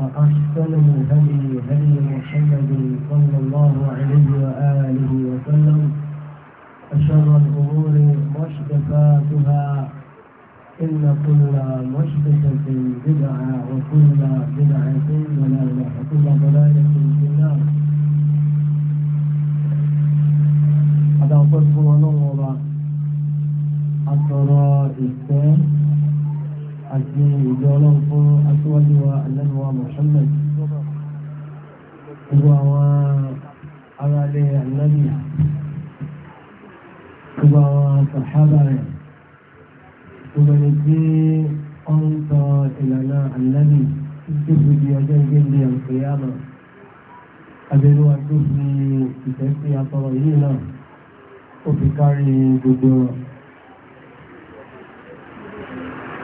وأحسن الهدي هدي محمد صلى الله عليه وآله وسلم أشر الأمور محدثاتها إن كل محدثة بدعة وكل بدعة ضلالة وكل ضلالة في النار هذا قصة ونور أثر àti ìjọ ọlọ́run fún aṣíwájú wa alẹ́nuwa Muhammad gbogbo àwọn aráalé ànábì gbogbo àwọn sàhábà rẹ̀ gbogbo ẹni tí ó ń tọ ìlànà ànábì títí fi di ọjọ́ ìgbéǹde àǹfẹ̀yàmà abẹ́lúwa tó fi ìfẹ́ sí atọ́rọ̀ yìí náà ó fi kárí gbogbo rẹ̀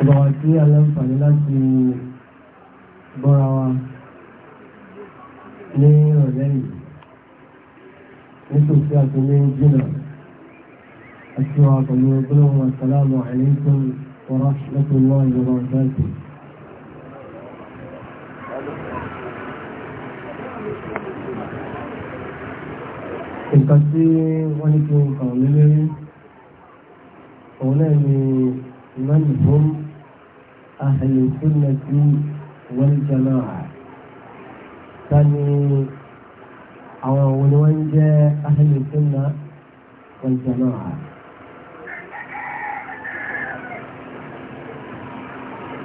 ọba wa tí aláǹfààní láti bọ́ra wa ní ọ̀rẹ́ yìí nítòsí àtúnlé jìnnà àti wa pẹ̀lú gbólóhùn assalamu alaikum wa rahmatullahi wa barakatuh. nǹkan tí wọ́n ní kí n kàn lé òun náà ni mẹ́rin fún أهل السنة والجماعة ثاني أو ونوانج أهل السنة والجماعة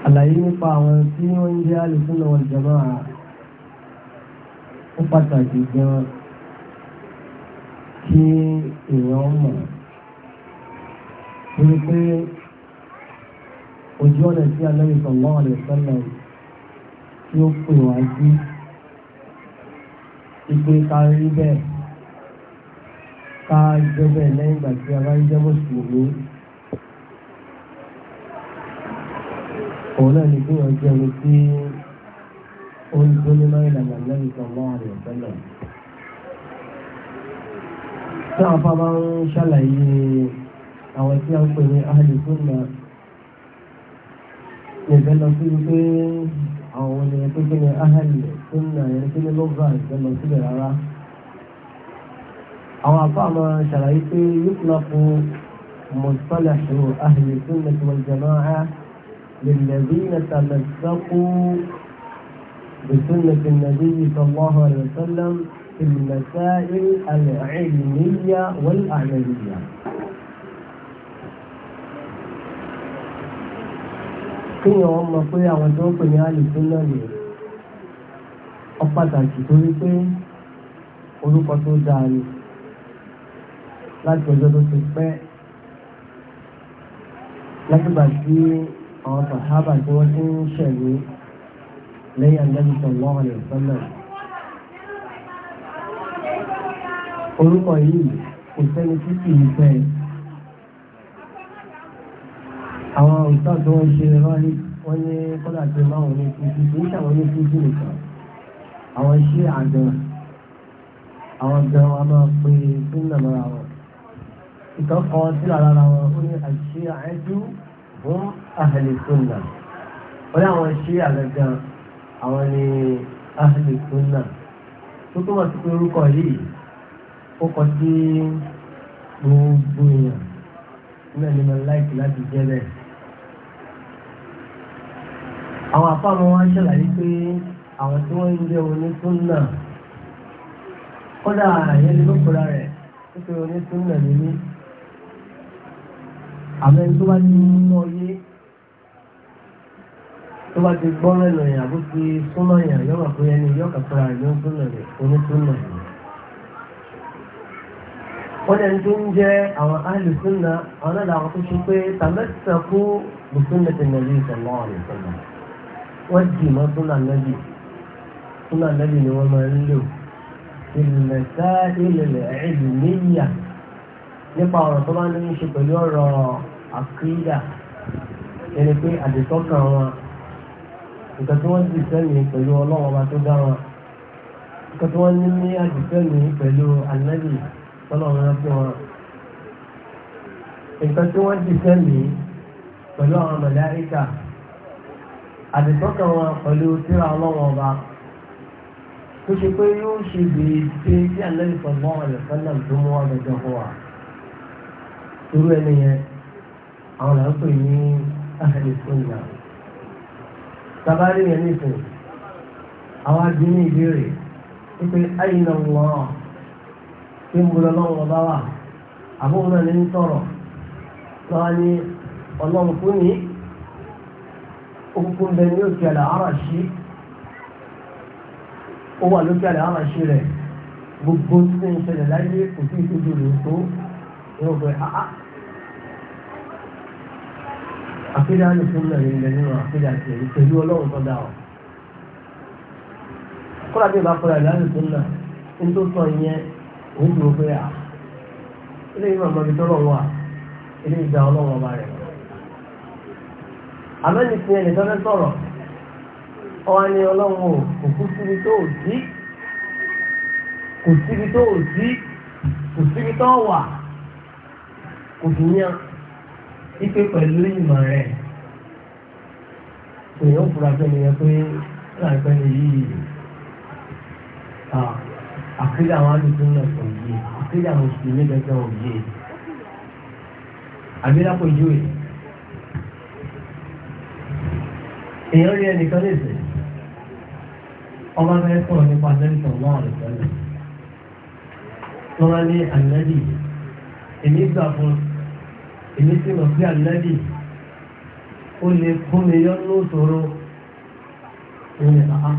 àlàyé nípa àwọn tí wọ́n ń jẹ́ alùsùnà wal jama'a ó pàtàkì gan kí èèyàn mọ̀ ojú ọ̀nà tí Ànábì sallallahu alaihi wasallam tí ó pè wá sí ìpè kárí bẹ́ẹ̀ ká jẹ́ bẹ́ẹ̀ lẹ́yìn ìgbà tí a bá ń jẹ́ mùsùlùmí. òun ni kí wọ́n jẹ́ ẹni tí ó ń tó nínú ìlànà Ànábì sallallahu alaihi wasallam. tí àwọn afá bá ń ṣàlàyé àwọn tí a ń نزل في أو نتكلم أهل سنة نتكلم لغة نزل في على أو أطعم شرائط يطلق مصطلح أهل السنة والجماعة للذين تمسكوا بسنة النبي صلى الله عليه وسلم في المسائل العلمية والأعمالية kéèyàn wọn mọ̀ pé àwọn tó ń pè ní àlùfẹ́ náà lè ọ pàtàkì torí pé orúkọ tó dáa ni láti ọjọ́ tó ti pẹ́ látìgbà tí àwọn sàhábà tí wọ́n ti ń ṣẹ̀lú lẹ́yìn Ànábì sallallahu alaihi wasallam. orúkọ yìí kò sẹ́ni tí kì í àwọn òṣìṣẹ́ tí wọ́n ṣe rọ́lí wọ́n ní kọ́lá tí máa wọn ní fújú kì í ṣàwọn ní fújú nìkan àwọn iṣẹ́ àgbọn àwọn gan wa máa pe súnà mọ́ra wọn ìtàn sí lára wọn ó ní àṣìṣe àẹ́jú fún àhẹlẹ súnà ó ní àwọn iṣẹ́ àgbẹ̀gàn àwọn ní àhẹlẹ súnà tó tó wà sí pé orúkọ yìí ó kọ sí gbogbo èèyàn nígbà ní mo láìpẹ́ láti jẹ́ bẹ́ẹ̀ àwọn àpáàmọ́ wá ṣàlàyé pé àwọn tí wọ́n ń jẹ́ onítúnnà kódà àyẹ́ ló kóra rẹ̀ pípé onítúnnà ní ní àmẹ́ tó bá ti mú ọyé tó bá ti gbọ́ lẹ́nu ẹ̀yà bó ti súnmọ́ ẹ̀yà yọ̀wà pé ẹni yọ̀kà kóra rẹ̀ onítúnnà rẹ̀ onítúnnà rẹ̀ wọ́n ẹni tó ń jẹ́ àwọn alùsùnà àwọn náà làwọn tó ṣe pé tàbí sàkó lùsùnà tẹ̀lé ìsọ̀lọ́ àlùsùnà wọ́n dì mọ́ súnà nẹ́bì súnà nẹ́bì ni wọ́n máa ń lò ìlẹ̀sá ìlẹ̀lẹ̀ ẹ̀ẹ́dì níyà nípa ọ̀rọ̀ tó bá ní í ṣe pẹ̀lú ọ̀rọ̀ àkídà ẹni pé àdìsọ́kàn wọn nǹkan tí wọ́n ti sẹ́mi pẹ̀lú ọlọ́run ọba tó dá wọn nǹkan tí wọ́n ní ní àdìsẹ́mi pẹ̀lú ànábì tọ́lọ́run fún wọn nǹkan tí wọ́n ti sẹ́mi pẹ̀lú àwọn màláíkà àdìsọ́kàn wọn pẹ̀lú tíra ọlọ́wọ́ ọba tó ṣe pé yóò ṣe déédé tí àlẹ́lẹ́ sọ̀gbọ́n àlẹ́sọ́nà tó mú wọn lọ́jọ́ fún wa. irú ẹni yẹn àwọn là pè ní àhẹ́lẹ́sọ̀nà. tabari yẹn nìkan àwọn adi ní ìbéèrè wípé ayinà wọn kí lọ́wọ́ ọba wa àbúrò náà ní ní ogun bẹ ní òkè àlà àràṣí ó wà lókè àlà àràṣí rẹ̀ gbogbo tí ń ṣẹlẹ̀ láyé kò sí ìtọ́jú rẹ̀ tó ní ọgbẹ́ àá àfihàn alùpùpù náà nílẹ̀ nínú àfihàn àti ẹ̀rí pẹ̀lú ọlọ́run tó dá ọ. kọ́lá bí ìbá kọ́lá ìlànà tó náà ń tó sọ ìyẹn òun dúró pé à ah. ilé ìwà ọmọdé tọ́lọ̀ wà ilé ìjà ọlọ́run ọba rẹ̀ àmọ́ ní ti ẹnì tọ́fẹ́ sọ̀rọ̀ ọwọ́ ni ọlọ́run ò kò síbi tó ò sí kò síbi tó ò sí kò síbi tó wà kò sí yàn ipe pẹ̀lú ìmọ̀ rẹ̀ èèyàn fura pẹ̀lú yẹn pé láìpẹ́ ni yìí àkílẹ̀ àwọn àdúgbò náà kò yé àkílẹ̀ àwọn òṣèlú gẹ́gẹ́ òye àbí lápò ìjọ yìí. èèyàn rí ẹnìkan lè sè ọba fẹ́ sọ̀rọ̀ nípa lẹ́ńtọ̀ wọn rẹ̀ pẹ̀lú lọ́wọ́ ní ànẹ́bì èmi gbà fún èmi sì mọ̀ sí ànẹ́bì ó lè fún mi yọ lóṣòro òun ni àá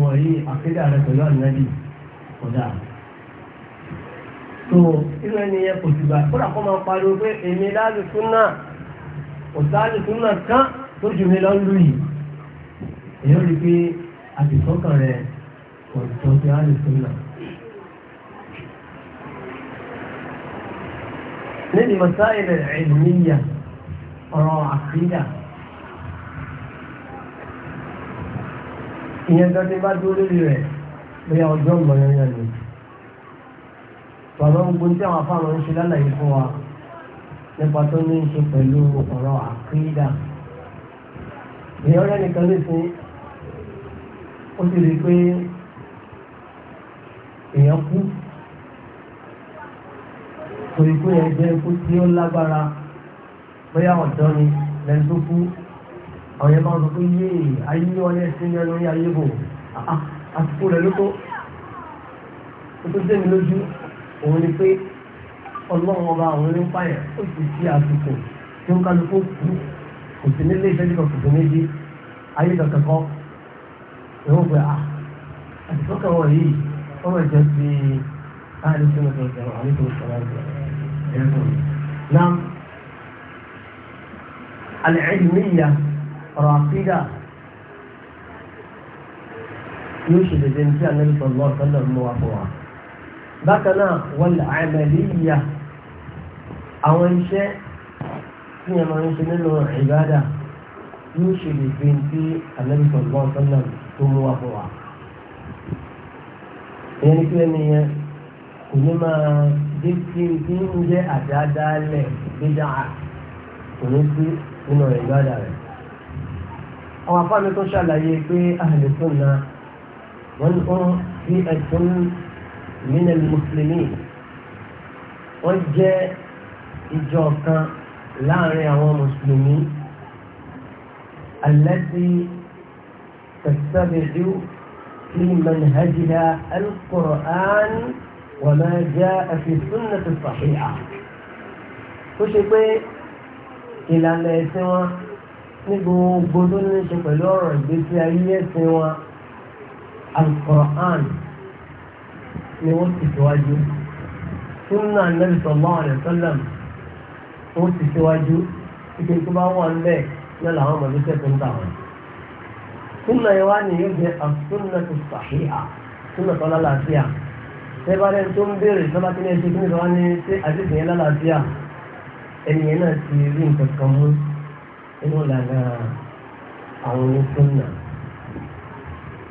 wọ̀nyí àkédà rẹ̀ pẹ̀lú ànẹ́bì kódà tó irú ẹni yẹn kò sì gbà kódà kó máa pariwo pé èmi láàlùsùn náà kò tó jù mí lọ lù yìí èyàn rí pé àdìsọ́kàn rẹ̀ kò jọ sí àdìsọ́ náà. níbi masáìlì ìlúmíyà ọ̀rọ̀ àkídà ìyẹn tó ti bá dúró lórí rẹ̀ bóyá ọjọ́ ìgbọ̀nyẹn ni bàbá gbogbo tí àwọn afáàmọ́ ń ṣe lálàyé fún wa nípa tó ní í ṣe pẹ̀lú ọ̀rọ̀ àkídà èèyàn rẹ̀ nìkan lè fún ó sì rí pé èèyàn kú kò ikú yẹn jẹ́ ikú tí ó lágbára bóyá ọ̀dọ́ ni lẹ́nu tó kú àwọn yẹn máa ń sọ pé yé ayé ọlẹ́ sí ní ẹnu orí ayé bò àsìkò rẹ̀ ló tó ó tó sẹ́mi lójú òun ni pé ọlọ́run ọba òun ló ó sì fi àsìkò tí ó kálukú kú kò sí nílé ìṣẹ́jú kan kò sí méjì ayé kankan kọ́ ẹ̀wọ́n pé à ah, àtìkọ́kọ̀ wọ̀ yìí wọ́n mọ̀ jẹ́ sí láàrin tí wọ́n ti sọ̀rọ̀ àmì tó sọ̀rọ̀ ẹ̀rọ nam alẹ́ẹ̀dìmíyà ọ̀rọ̀ àfídà yóò ṣe dédé ní tí ànábì sọ̀rọ̀ ọ̀sọ́lọ̀ mú wa fún wa bákan náà wọ́n lè àmàlíyà àwọn iṣẹ́ tí yẹn máa ń ṣe nínú ìbádà yóò ṣe lè fi ti Ànábì sallallahu alaihi wasallam tó mú wa bọ̀ wá. ìyẹn ni kí ẹni yẹn kò ní máa dé sí tí ń jẹ́ àdáadáalẹ̀ gbéjà kò ní sí nínú ìbádà rẹ̀. àwọn afáàmì tó ṣàlàyé pé ahlu sunna wọ́n ń fi ẹ̀sùn min al-muslimin wọ́n jẹ́ ìjọ kan láàrin àwọn mùsùlùmí alẹ́sí tẹ̀síṣàbẹ̀dú sí manhajìlá alkùrán wà máa já àfisúnnà tó fàṣíyà tó ṣe pé ìlànà ẹ̀sìn wọn ní gbogbo tó ní ṣe pẹ̀lú ọ̀rọ̀ ìgbésí ayé ẹ̀sìn wọn alkùrán ni wọ́n ti tọ́jú súnnà nàbìsọ̀lọ́ àlẹ́sọ́lẹ̀mù wọ́n ti síwájú ike tó bá wà ńlẹ̀ náà làwọn mọ̀lẹ́sẹ̀ tó ń tà wọ́n. súnà yẹn wá ní yóò jẹ́ àsúnà tó sàhíhà súnà tó lálàáfíà tẹ́bàrẹ́ tó ń béèrè sábà kí ní ẹṣin kí ní sọ́wọ́n ní ṣé àdéhùn yẹn lálàáfíà ẹnìyẹn náà ti rí nǹkan kan mú inú ìlànà àwọn onísúnà.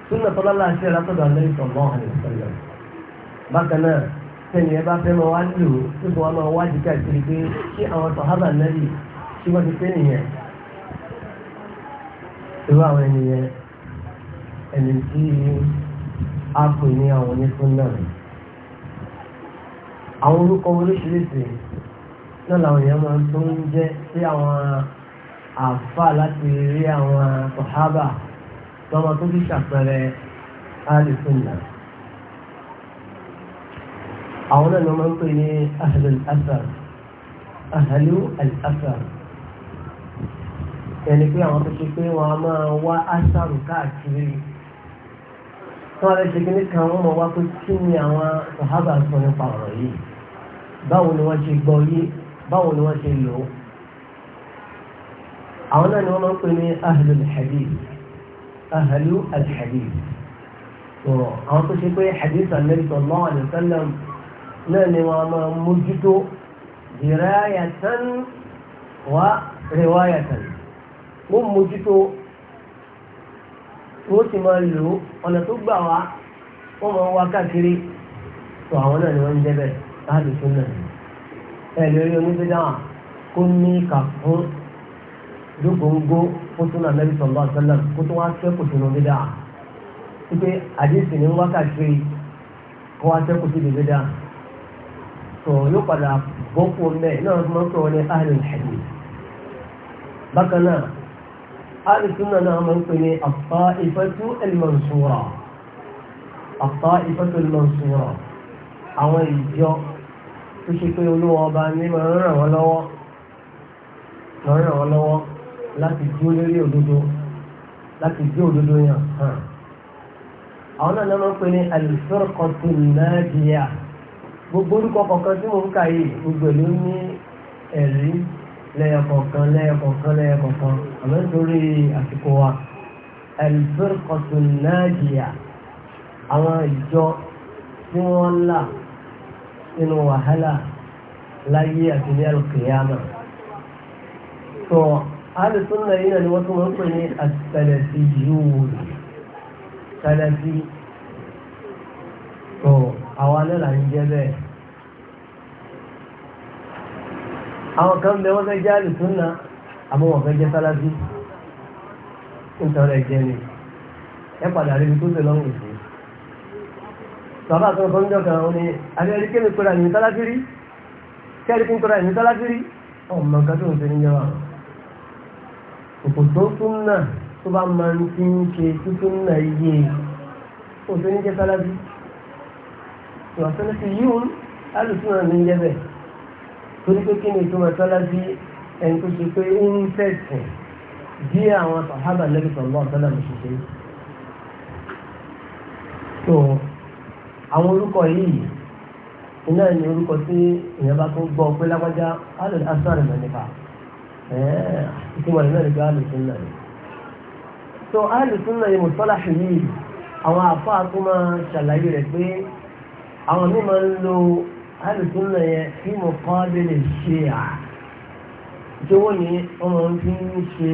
súnà tó lálàáfíà látọ̀dọ̀ àlẹ́ ìtọ̀ mọ́ àlẹ́ ìtọ̀ sẹ́ni ẹ bá fẹ́ máa wá lò ó tó wá máa wájú káàkiri pé kí àwọn sọ̀hábà nábì ṣé wọ́n ti pé nìyẹn irú àwọn ènìyàn ẹni tí a pè ní àwọn onísúnnà àwọn orúkọ oríṣiríṣi náà làwọn èèyàn máa tó ń jẹ́ sí àwọn àfà láti rí àwọn sọ̀hábà tó máa tó fi ṣàpẹẹrẹ alìsúnnà àwọn náà ni wọ́n máa ń pè ní ahlul asar ahlul asar ẹni pé àwọn tó ṣe pé wọ́n á máa wá asar káàkiri wọ́n rẹ̀ ṣe kíní kan wọ́n mọ̀ wá pé kí ni àwọn sàhábà sọ nípa ọ̀rọ̀ yìí báwo ni wọ́n ṣe gbọ́ yé báwo ni wọ́n ṣe lò àwọn náà ni wọ́n pè ní ahlul hadith àwọn tó ṣe pé hadith sallallahu alaihi wasallam náà ni wọn máa mójútó dirayatan wa riwayatan wọ́n mójútó wọ́n sì máa lò ọ̀nà tó gbà wá wọ́n máa wá káàkiri tó àwọn náà ni wọ́n ń jẹ́ bẹ́ẹ̀ láàbì tó náà ẹ̀ lórí oníbídà kó ní kà fún lógóńgó kó tó náà Nabi sallallahu alaihi wasallam kó wá kẹ́kọ̀ọ́ tó náà bídà wípé àdéhùn ní wákàtí kó wá kẹ́kọ̀ọ́ tó náà bídà sọ yóò padà bọ́pọ̀ mẹ́ náà mọ́ sọ ní ahlul hadith bákan náà ahlus sunnah náà máa ń pè ní at-ta'ifatu al-mansura at-ta'ifatu al-mansura àwọn ìjọ tó ṣe pé olówó ọba ní máa ń ràn wọ́n lọ́wọ́ láti dúró lórí òdodo láti dé òdodo yàn àwọn náà lọ́mọ pé ní al-firqatu an-najiya gbogbo orúkọ kọ̀ọ̀kan tí mo ń kà yìí gbogbo ló ní ẹ̀rí lẹ́yọkọ̀ọ̀kan lẹ́yọkọ̀ọ̀kan lẹ́yọkọ̀ọ̀kan àmọ́ nítorí àsìkò wa al-firqatu najiya àwọn ìjọ tí wọ́n là nínú wàhálà láyé àti ní al-qiyama tó alùsùnà yìí ni wọ́n tún wọ́n pè ní as-salafiyyun salafi tó àwa náà là ń jẹ́ bẹ́ẹ̀ àwọn kan bẹ wọ́n fẹ́ jẹ́ àlùsùnà àmọ́ wọ́n fẹ́ jẹ́ sálábí nítorí ẹ̀jẹ̀ ni ẹ padà rí ibi tó ṣe lọ́wọ́ sí bàbá kan kan jọ kan ní abẹ́rẹ́ kí ni kóra ní sálábí rí kẹ́rì kí ni kóra ní sálábí rí ọmọ nǹkan tó ń ṣe níjọba òkòtò súnà tó bá máa ń fi ń ṣe súnà iye òṣèlú jẹ́ sálábí ìwàsánà sí yíò alùsùn náà ní jẹ́bẹ̀ torí pé kí ni ìtumọ̀ sọ́lá sí ẹni tó ṣe pé ó ń fẹ̀sìn bí àwọn sàhábà lẹ́bi sọ̀lọ́ ọ̀sọ́lá mi ṣiṣẹ́ tó orúkọ yìí iná ni orúkọ tí èèyàn bá tó gbọ́ pé lágbájá alùsùn asán rẹ̀ nípa ìtumọ̀ rẹ̀ náà alùsùn náà ni tó alùsùn náà ni mùsọ́lá ṣe yìí àwọn àfáà tó máa ṣàlàyé rẹ̀ pé àwọn mímọ ń lo alùsùnà yẹn fí mo kọ́ abẹ́lẹ̀ ṣe à jọ̀wọ́ ni ọmọ fi ń ṣe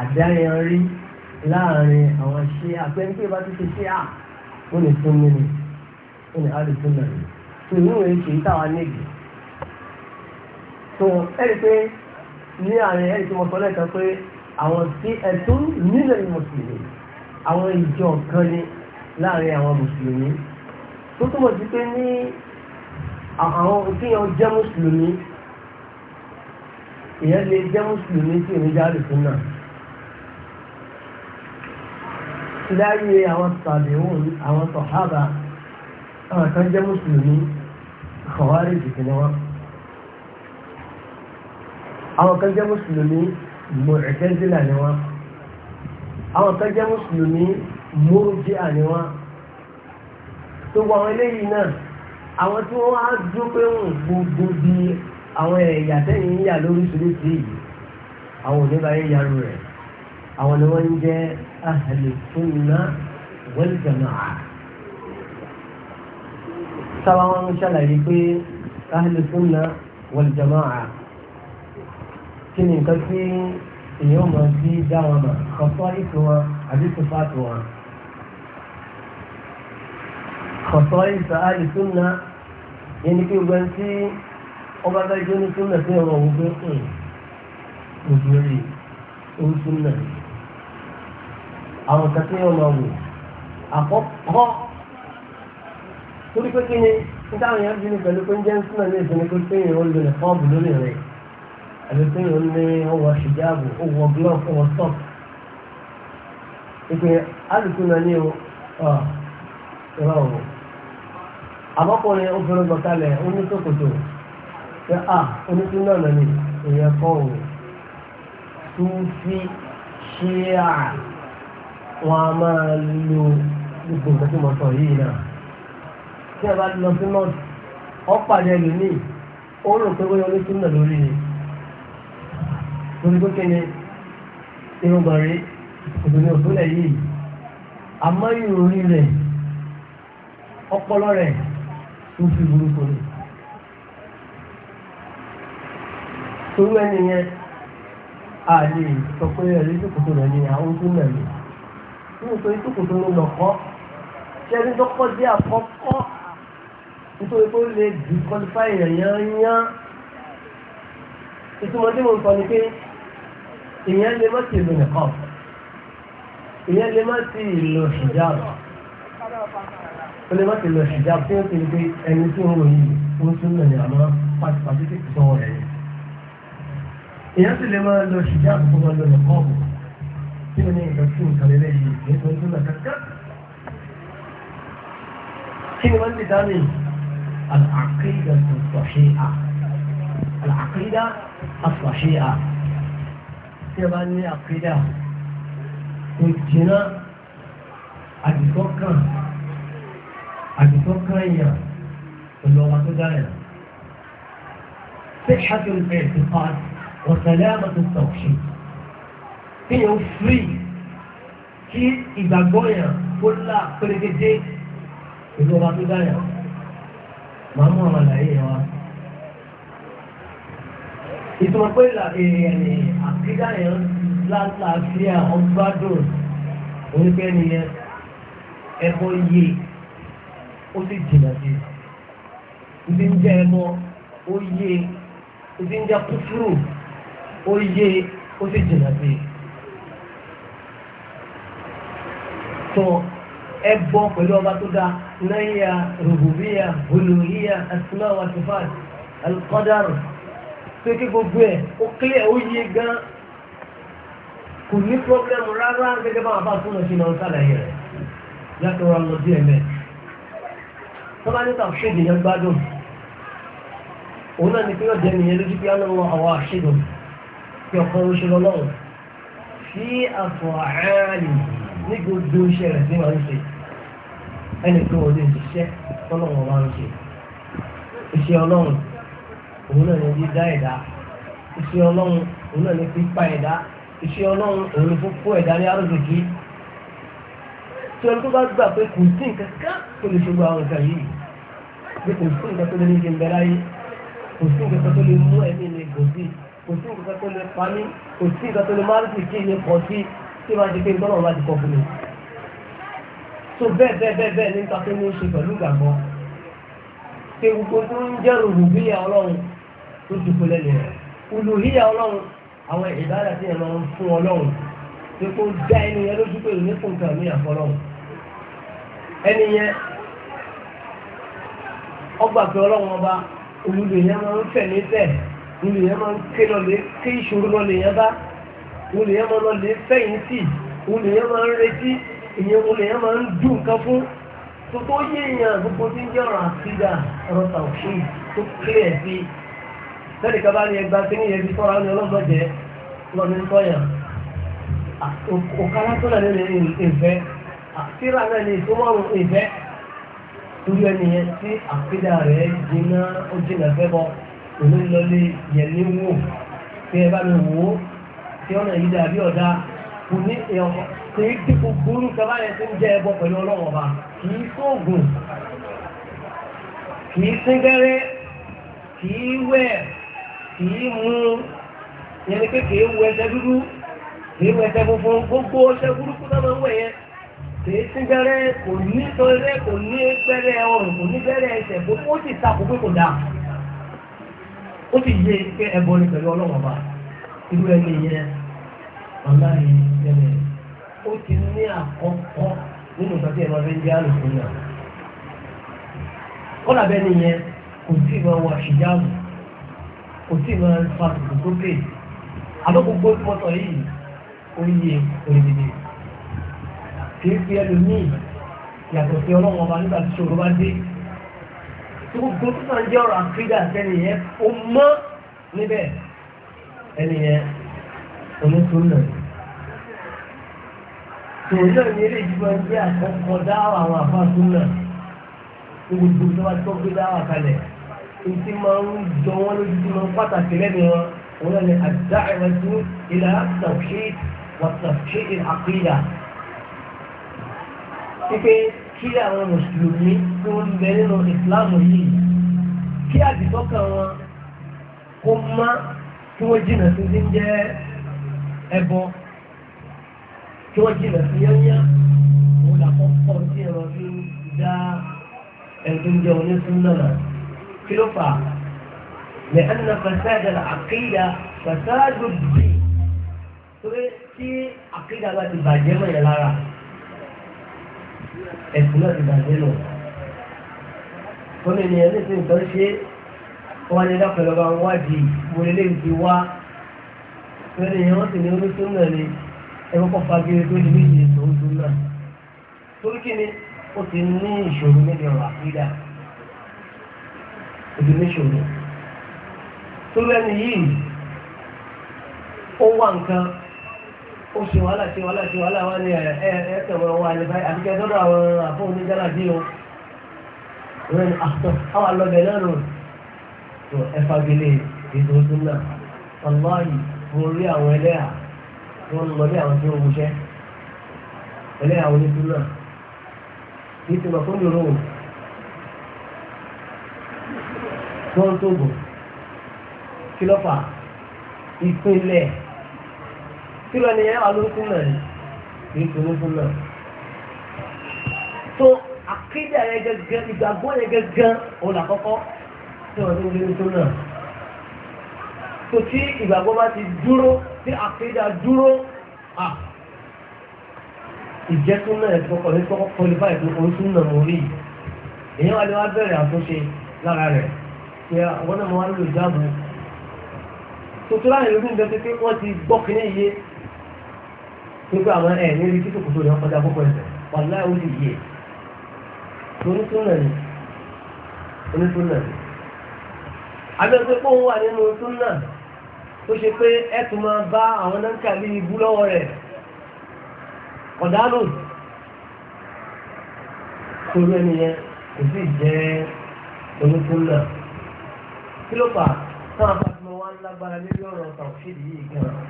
àdáyanrí láàrin àwọn ṣe àpẹẹrẹ bá ti ṣe ṣe à ó lè fún mi ni ó lè alùsùnà yìí tó ìlú rẹ̀ ṣe táwa níbi tó ẹ̀rí pé ní àárín ẹ̀rí tí mo sọ lẹ́ẹ̀kan pé àwọn tí ẹ̀tún nílẹ̀ mùsùlùmí àwọn ìjọ kan ní láàrin àwọn mùsùlùmí tó túmọ̀ sí pé ní àwọn kíyàn jẹ́ mùsùlùmí èyàn lè jẹ́ mùsùlùmí tí èmi jáde fún náà láyé àwọn tàbíhùn àwọn sàhábà àwọn kan jẹ́ mùsùlùmí kọ̀wárí jìkì ni wọ́n àwọn kan jẹ́ mùsùlùmí mùrìtẹ́zílà ni wọ́n àwọn kan jẹ́ mùsùlùmí múrùjíà ni wọ́n tó gbọ́ àwọn eléyìí náà àwọn tí wọ́n á dúró pé ń gbogbo bí àwọn ẹ̀yà tẹ́yìn ń yà lóríṣiríṣi yìí àwọn òní báyìí yarú rẹ̀ àwọn ni wọ́n ń jẹ́ ahli sunna wal jamaa sábà wọn ṣàlàyé pé ahli sunna wal jamaa kí ni nǹkan tí èèyàn mọ̀ sí dáwọn mọ̀ kọ̀ọ̀kan ìfún wọn àbí sọ́fà tó wọn kọ̀tọ́ ìfẹ́ àlè súnà yẹn ni pé gbẹ́n tí ọba bẹ́ẹ̀ jó ní súnà sí ọ̀rọ̀ òun pé òjò rè ó súnà àwọn kan tí wọ́n máa wò àkọ́kọ́ torí pé kí ni nítawọn èèyàn bí ní pẹ̀lú pé ń jẹ́ ń súnà ní ìsinmi pé pé èèyàn ń lo lórí rẹ̀ àbí pé èèyàn ní ọwọ́ ṣìjáàbù ọwọ́ glove ọwọ́ sock ìpè alùpùpù náà ní ọ ìrọ̀ àbọ́kùnrin obìnrin lọ́tàlẹ̀ oníṣòkòtò pé à oníṣúná náà ni èèyàn kọ́ òun Súfí ṣíà wọn a máa lo gbogbo nǹkan tí mo sọ yìí náà tí a bá lọ sí north ọ̀pàdé ẹlòmíì ó rò pé wọ́n oníṣúná lórí ni lórí pé kí ni irúgbọ̀n rí obìnrin òtún lẹ̀ yìí àmọ́ ìròrí rẹ̀ ọpọlọ rẹ̀ ń fi burúkú ni. torí ẹni yẹn a lè sọ pé ẹ̀rí ìsòkòtò rẹ̀ ni àwọn tó nà lè nínú pé ìsòkòtò ló lọ kọ́ ṣé ẹni tó kọ́ dé àkọ́kọ́ nítorí pé ó lè dì kọ́lífà èèyàn yán ìtumọ̀ tí mo sọ ni pé èèyàn lè má ti ìlú nìkan èèyàn lè má ti ìlú ìjáàbọ̀ ó lè má ti lọ ṣìjà tí ó ti rí pé ẹni tí ń lò yìí ó ń tún lẹ̀yìn àmọ́ pàṣípàṣí ti sọ wọn ẹ̀yìn èèyàn sì lè máa lọ ṣìjà àbùkù máa lọ lọ́kọ́ ọ̀bù tí mo ní nǹkan tí nǹkan lélẹ̀ yìí kì í sọ nítorí náà kankan kí ni wọ́n ti dá mi àlàkídà tó sọ̀ṣe à àlàkídà àsọ̀ṣe à tí a bá ní àkídà tó jìnnà àdìsọ́kàn àdìsọ́kàn èèyàn pẹ̀lú ọmọ tó dáyà ṣé ṣáàkiri bẹ́ẹ̀ ti pa ọ̀sẹ̀lẹ̀ àmọ́tò sọ̀kì kí yóò firi kí ìgbàgbọ́ yẹn kó là pérégedé pẹ̀lú ọmọ tó dáyà màá mú àwọn àlàyé yẹn wá. ìtumọ̀ pé àkídá yẹn láti àfihàn ọgbádùn oníkẹ́ni yẹn ẹbọ yé ó sì jìnà sí i ti ń jẹ ẹbọ ó yé ó ti ń jẹ kúfúrú ó yé ó sì jìnà sí i. tó ẹbọ pẹ̀lú ọba tó dáa náyà rògbòbíyà olùhíyà asúnáwó àtúfáàt alukọ́dárò pé kí gbogbo ẹ̀ ó kílẹ̀ ó yé gan kò ní pọ́blẹ́mù rárá gẹ́gẹ́ bá wà bá túnmọ̀ sí náà sálàyé rẹ̀ yàtọ̀ wa lọ díẹ̀ mẹ́. Tọ́lá ní tàbí ṣèdè yẹn gbádùn. Òun náà ni pé yóò jẹ́ nìyẹn lójú pé ọlọ́run àwọn àṣèdùn pé ọkàn oṣù lọ́lọ́run. Fí àfọ̀ àárín ní gbogbo iṣẹ́ rẹ̀ tí wọ́n ń ṣe. Ẹnì kan ò lè ṣiṣẹ́ tọ́lọ́run wa ń ṣe. Iṣẹ́ ọlọ́run òun náà ni dídá ẹ̀dá. Iṣẹ́ ọlọ́run òun náà ni pípa ẹ̀dá. Iṣẹ́ ọlọ́run òun ni fúnfún ẹ̀dá ní arúgbìkì tí ọdún tó bá gbà pé kò sí nǹkan ká tó lè ṣe gba àwọn nǹkan yìí pé kò sí nǹkan tó lè ṣe ń bẹ láyé kò sí nǹkan tó lè mú ẹ̀mí mi kò sí kò sí nǹkan tó lè pa mí kò sí nǹkan tó lè má sì kí ni pọ̀ sí tí máa ṣe pé nǹkan náà bá ti kọ fún mi. so bẹ́ẹ̀ bẹ́ẹ̀ bẹ́ẹ̀ bẹ́ẹ̀ nípa pé ní ó ṣe pẹ̀lú ìgbàgbọ́ pé gbogbo tó ń jẹ́ rògbòbíyà ọlọ́run tó ti kó lẹ́nu rẹ̀ olùhíyà ọlọ́run àwọn ìbára tí ẹ̀ máa ń fún ọlọ́run pé kó dá ẹni yẹn lójú pé òní kò nǹkan mí àfọlọ́run ẹni yẹn ọgbà pé ọlọ́run ọba olùdó yẹn máa ń fẹ nífẹ olùdó yẹn máa ń ké lọ́lẹ̀ ké ìṣòro lọ́lẹ̀ yẹn bá olùdó yẹn máa ń lọ́lẹ̀ fẹ̀yìn tì olùdó yẹn máa ń retí ìyẹn olùdó yẹn máa ń dùn fún tó yé èèyàn gbogbo tí ń tó sí àkíra náà ni ìfowópamọ́ ìfẹ́ torí ẹni yẹn tí àkídà rẹ̀ jiná ó jìnà fẹ́ bọ́ òní lọlé yẹn ní ẹ bá mi dàbí kò ní ẹ̀kọ́ kò ní dípò burú kaba yẹn tó ń jẹ́ ẹbọ pẹ̀lú ọlọ́wọ́ ọba kì í sóògùn kì í kì í kì í mú yẹn ni pé funfun gbogbo ọṣẹ burúkú tó máa ń kìí kò ní tọ́lẹ̀ kò ní bẹ̀rẹ̀ ọrùn kò ní bẹ̀rẹ̀ ẹsẹ̀ kò ó sì takò pé kò dáa ó ti yé pé ẹbọ ni pẹ̀lú ọlọ́wọ́n bá irú ẹni yẹn ọ̀la yìí bẹ̀rẹ̀ ó ti ní àkọ́kọ́ nínú ìgbà tí ẹ̀rọ ń jẹ́ fa tòkòtò àlọ́ gbogbo yìí ó kìí fi ẹlòmíì yàtọ̀ sí ọlọ́wọ́n ọba nígbà tí ṣòro bá dé tí gbogbo tó sàn jẹ́ ọ̀rọ̀ àkídà sẹ́ni yẹn ó mọ́ níbẹ̀ ẹni yẹn onítúnà tòun náà ní eré ìdìbò ẹgbẹ́ àkọ́kọ́ dáhùn àwọn àfáàtúnà gbogbo tó bá tó gbé dáhùn kalẹ̀ ntí máa ń jọ wọn lójú tí máa ń pàtàkì lẹ́nu wọn òun náà ní àdáhùn ẹ̀rọ ìlà tàfíì wà tàfíì àkídà wípé kí àwọn mùsùlùmí tó ń bẹ nínú ìsìláàmù yìí kí àdìsọ́kàn wọn kó má kí wọ́n jìnà sí ti ń jẹ́ ẹbọ kí wọ́n jìnà sí yányá òun làkọ́ pọ̀ sí ẹ̀rọ fi ń dá ẹ̀dùn jẹ onísùn náà kí ló fà á lẹ́yìn náà fasad al-aqida fasad al-din torí tí àkídà bá ti bàjẹ́ mọ̀ yẹn lára ẹ̀sìn náà ti bàjẹ́ lọ. Tọ́lẹ̀ ni ẹni tí nǹkan ṣe wọ́n ní dákọ̀lọ́ bá ń wádìí mo lè lè ti wá. Tọ́lẹ̀ ni wọ́n sì ní oníṣẹ́ náà ni ẹ kọ́kọ́ fagiri tó di méjì ètò oṣù náà. Torí kí ni ó ti ní ìṣòro níbi ọ̀rọ̀ àfídà? Òbí ní ìṣòro. Tọ́lẹ̀ ni yìí ó wà nǹkan ó ṣe wàhálà ṣe wàhálà ṣe wàhálà wá ní eh, eh, eh, ẹ̀ẹ́dẹ̀wọ̀ wà ní báyìí àti kẹ́ dọ́dọ̀ àwọn àfọ́ onígbàlá bí o rẹ̀ ní àtọ̀ ah, àwọn alọ́bẹ̀ náà nù tó ẹ̀fà gbélé ètò oṣù náà ọlọ́ọ̀yì mo rí àwọn ẹlẹ́yà tó ń lọ ní àwọn tí ó wúṣẹ́ ẹlẹ́yà oníṣù náà kì í ti mọ̀ fún mi rò tó ń tóbò kí lọ́fà ìpínlẹ̀ kí lọ ni ẹwà ló ń kún náà kì í kún ní kún náà tó akéde rẹ gẹ́gẹ́ ìgbàgbọ́ rẹ gẹ́gẹ́ òun àkọ́kọ́ tí wọ́n ti ń lé ní kún náà tó tí ìgbàgbọ́ bá ti dúró tí akéde dúró à ìjẹ́kún náà ẹ̀sùn kọ̀ ní kọ́kọ́ kọlífà ìpín oṣù náà mo rí èyí wà ní wá bẹ̀rẹ̀ àtúnṣe lára rẹ̀ pé àwọn náà mo wá nílò ìjáàbù tó tó láàrin lórí ìgbẹ́ pé wọ́n ti gbọ́ nígbà àwọn ẹ̀ ní ibi kòtò ní ọkọ̀dá púpọ̀ ẹ̀sẹ̀ wàlá ó sì yé onítúnà ni onítúnà pé òun wà nínú túnà ó ṣe pé ẹ tún máa bá àwọn náǹkà bí ibú lọ́wọ́ rẹ̀ ọ̀dánù torí ẹni yẹn kò sì jẹ́ onítúnà kí ló fà táwọn afásùmọ̀ wa ń lágbára lórí ọ̀rọ̀ tàwọn ṣèlú yìí gan-an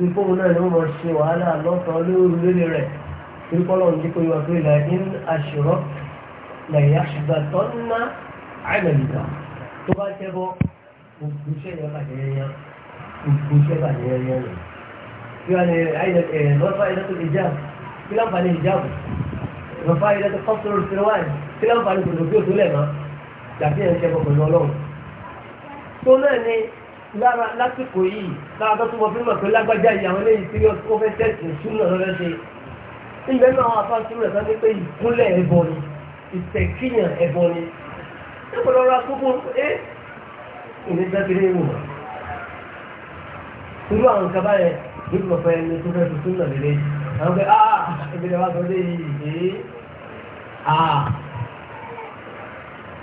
ìfowó náà ni wọ́n máa ṣe wàhálà lọ́sàn-án lóru lélẹ̀ rẹ̀ ìrúkọ́lọ́ ń dípò ìwà pé làyín aṣèrọ́ làyìn aṣùgbà tó ń ná àìmọ̀lìgbà tó bá jẹ́ bọ́ gbogbo iṣẹ́ yẹn bàjẹ́ yẹn gbogbo iṣẹ́ bàjẹ́ yẹn yẹn lọ. kí wàá ní àìyẹ lọ́fà ilẹ̀ tó ìjáàbù kí láǹfààní ìjáàbù lọ́fà ilẹ̀ tó kọ́sọ̀rọ̀ lára lásìkò yìí lára tó túnbọ̀ fílmọ̀ pé lágbájá yìí àwọn eléyìí tí ó fẹ́ tẹ̀sí súnà lọ́rẹ́ ṣe ìgbẹ́ náà àwọn afá súnà sáré pé ìkúnlẹ̀ ẹbọ ni ìtẹ̀kíyàn ẹbọ ni ẹ̀kọ́ lọ́ra kókó ẹ́ ìní dábìlẹ̀ wò wọ́n. irú àwọn kaba yẹn nígbà pẹ́ ẹni tó fẹ́ fi súnà lélẹ̀ àwọn pé ah ìbílẹ̀ wa sọ lé yìí ah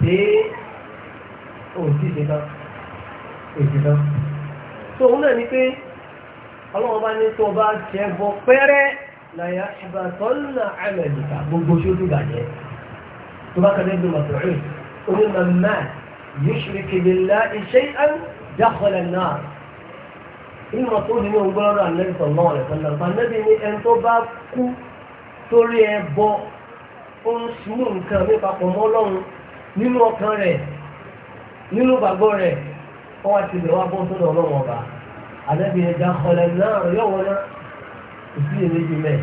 ṣé òun ti ṣe tán èjìdán tó òun náà ni pé ọlọ́wọ́ bá ní tó bá jẹ bọ pẹ́rẹ́ láyá ìgbà tó ń na àmẹ́lìkà gbogbo tí ó ti bàjẹ́ tó bá kẹ́lẹ́ bí màtúrì oní màmá yìí ṣe kébé ńlá iṣẹ́ àn dákọlẹ̀ náà ìmọ̀ tó ní ògbọ́lọ́dọ̀ sùúrù nǹkan mi mọ́ ọlọ́run nínú ọkàn rẹ̀ nínú gbàgbọ́ rẹ̀ wọ́n wá ti lè wá bọ́ sọ́dọ̀ ọlọ́wọ́ ọba àlẹ́bí ẹja kọlẹ̀ náà yọ̀ wọ́n náà kò sí èméjì mẹ́.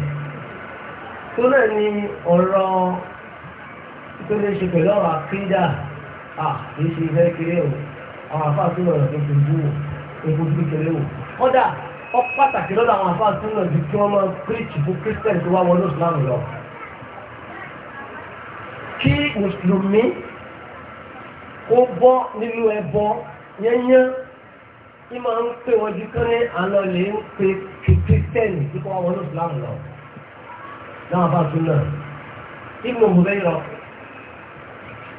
tó náà ni ọ̀rọ̀ tó lè ṣe pẹ̀lú ọ̀rọ̀ àkídà à kì í ṣe ìfẹ́ kéré o àwọn àfáà tó lọ̀rọ̀ tó fojú wò epo tó kéré wò. kọ́dà ọ pàtàkì lọ́dọ̀ àwọn àfáà tó lọ̀ ju kí wọ́n máa píríkì fún kírísítẹ̀nì tó wá wọnú ìsìlámù lọ. kí kó bọ́ nínú ẹbọ yẹ́nyẹ́ ní máa ń pè wọ́n di kán ní alọ́lẹ̀ ń pe kìtìtẹ́nì tí kò wọ́n islam lọ náà bá tún náà ibùdó bẹ́ẹ̀ lọ.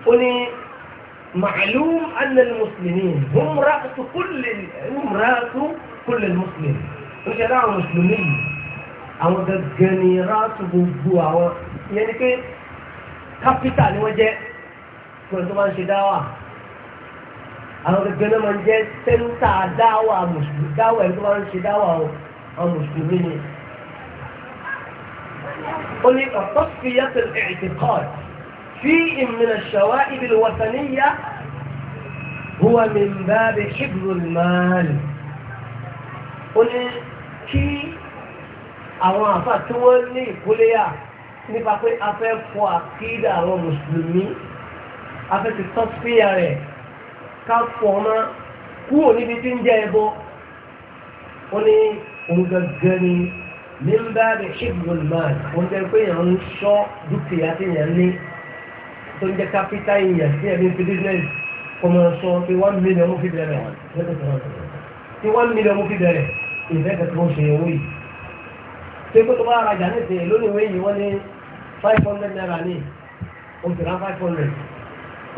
ó ní معلوم أن المسلمين هم رأس كل هم رأس كل المسلم oúnjẹ láwọn mùsùlùmí yìí àwọn gẹ́gẹ́ ni ráàtù gbogbo àwọn ìyẹn ni pé kápítà ni wọ́n jẹ́ pẹ̀lú tó máa ń ṣe dáwà àwọn gẹ́gẹ́ náà máa ń jẹ́ sẹ́ńtà dáwà mùsùlùmí dáwà ẹni tó máa ń ṣe dáwà àwọn mùsùlùmí ni. ó ní تصفية الاعتقاد شيء من الشوائب الوثنية هو من باب حفظ المال. ó ní kí àwọn àfa tí wọ́n ní ìkúléyà nípa pé a fẹ́ fọ àkídà àwọn mùsùlùmí a fẹ́ ti تصفية rẹ̀ ká pọ̀ ọmọ kúrò níbi tí ń jẹ́ ẹbọ ó ní òun gẹ́gẹ́ ni ní ń bá rẹ̀ ṣègbọn máa òun jẹ́ pé èèyàn ń ṣọ́ dúkìá tí èèyàn ní tó ń jẹ́ kápítà èèyàn sí ẹ̀mí fi business kọmọ sọ pé one million mo fi bẹ̀rẹ̀ tí one million mo fi bẹ̀rẹ̀ ìfẹ́ kẹ̀kẹ́ ó ṣe owó yìí tí kó tó bá rajà ní ìsìn lónìí wọ́n ní five hundred naira ní oṣù náà five hundred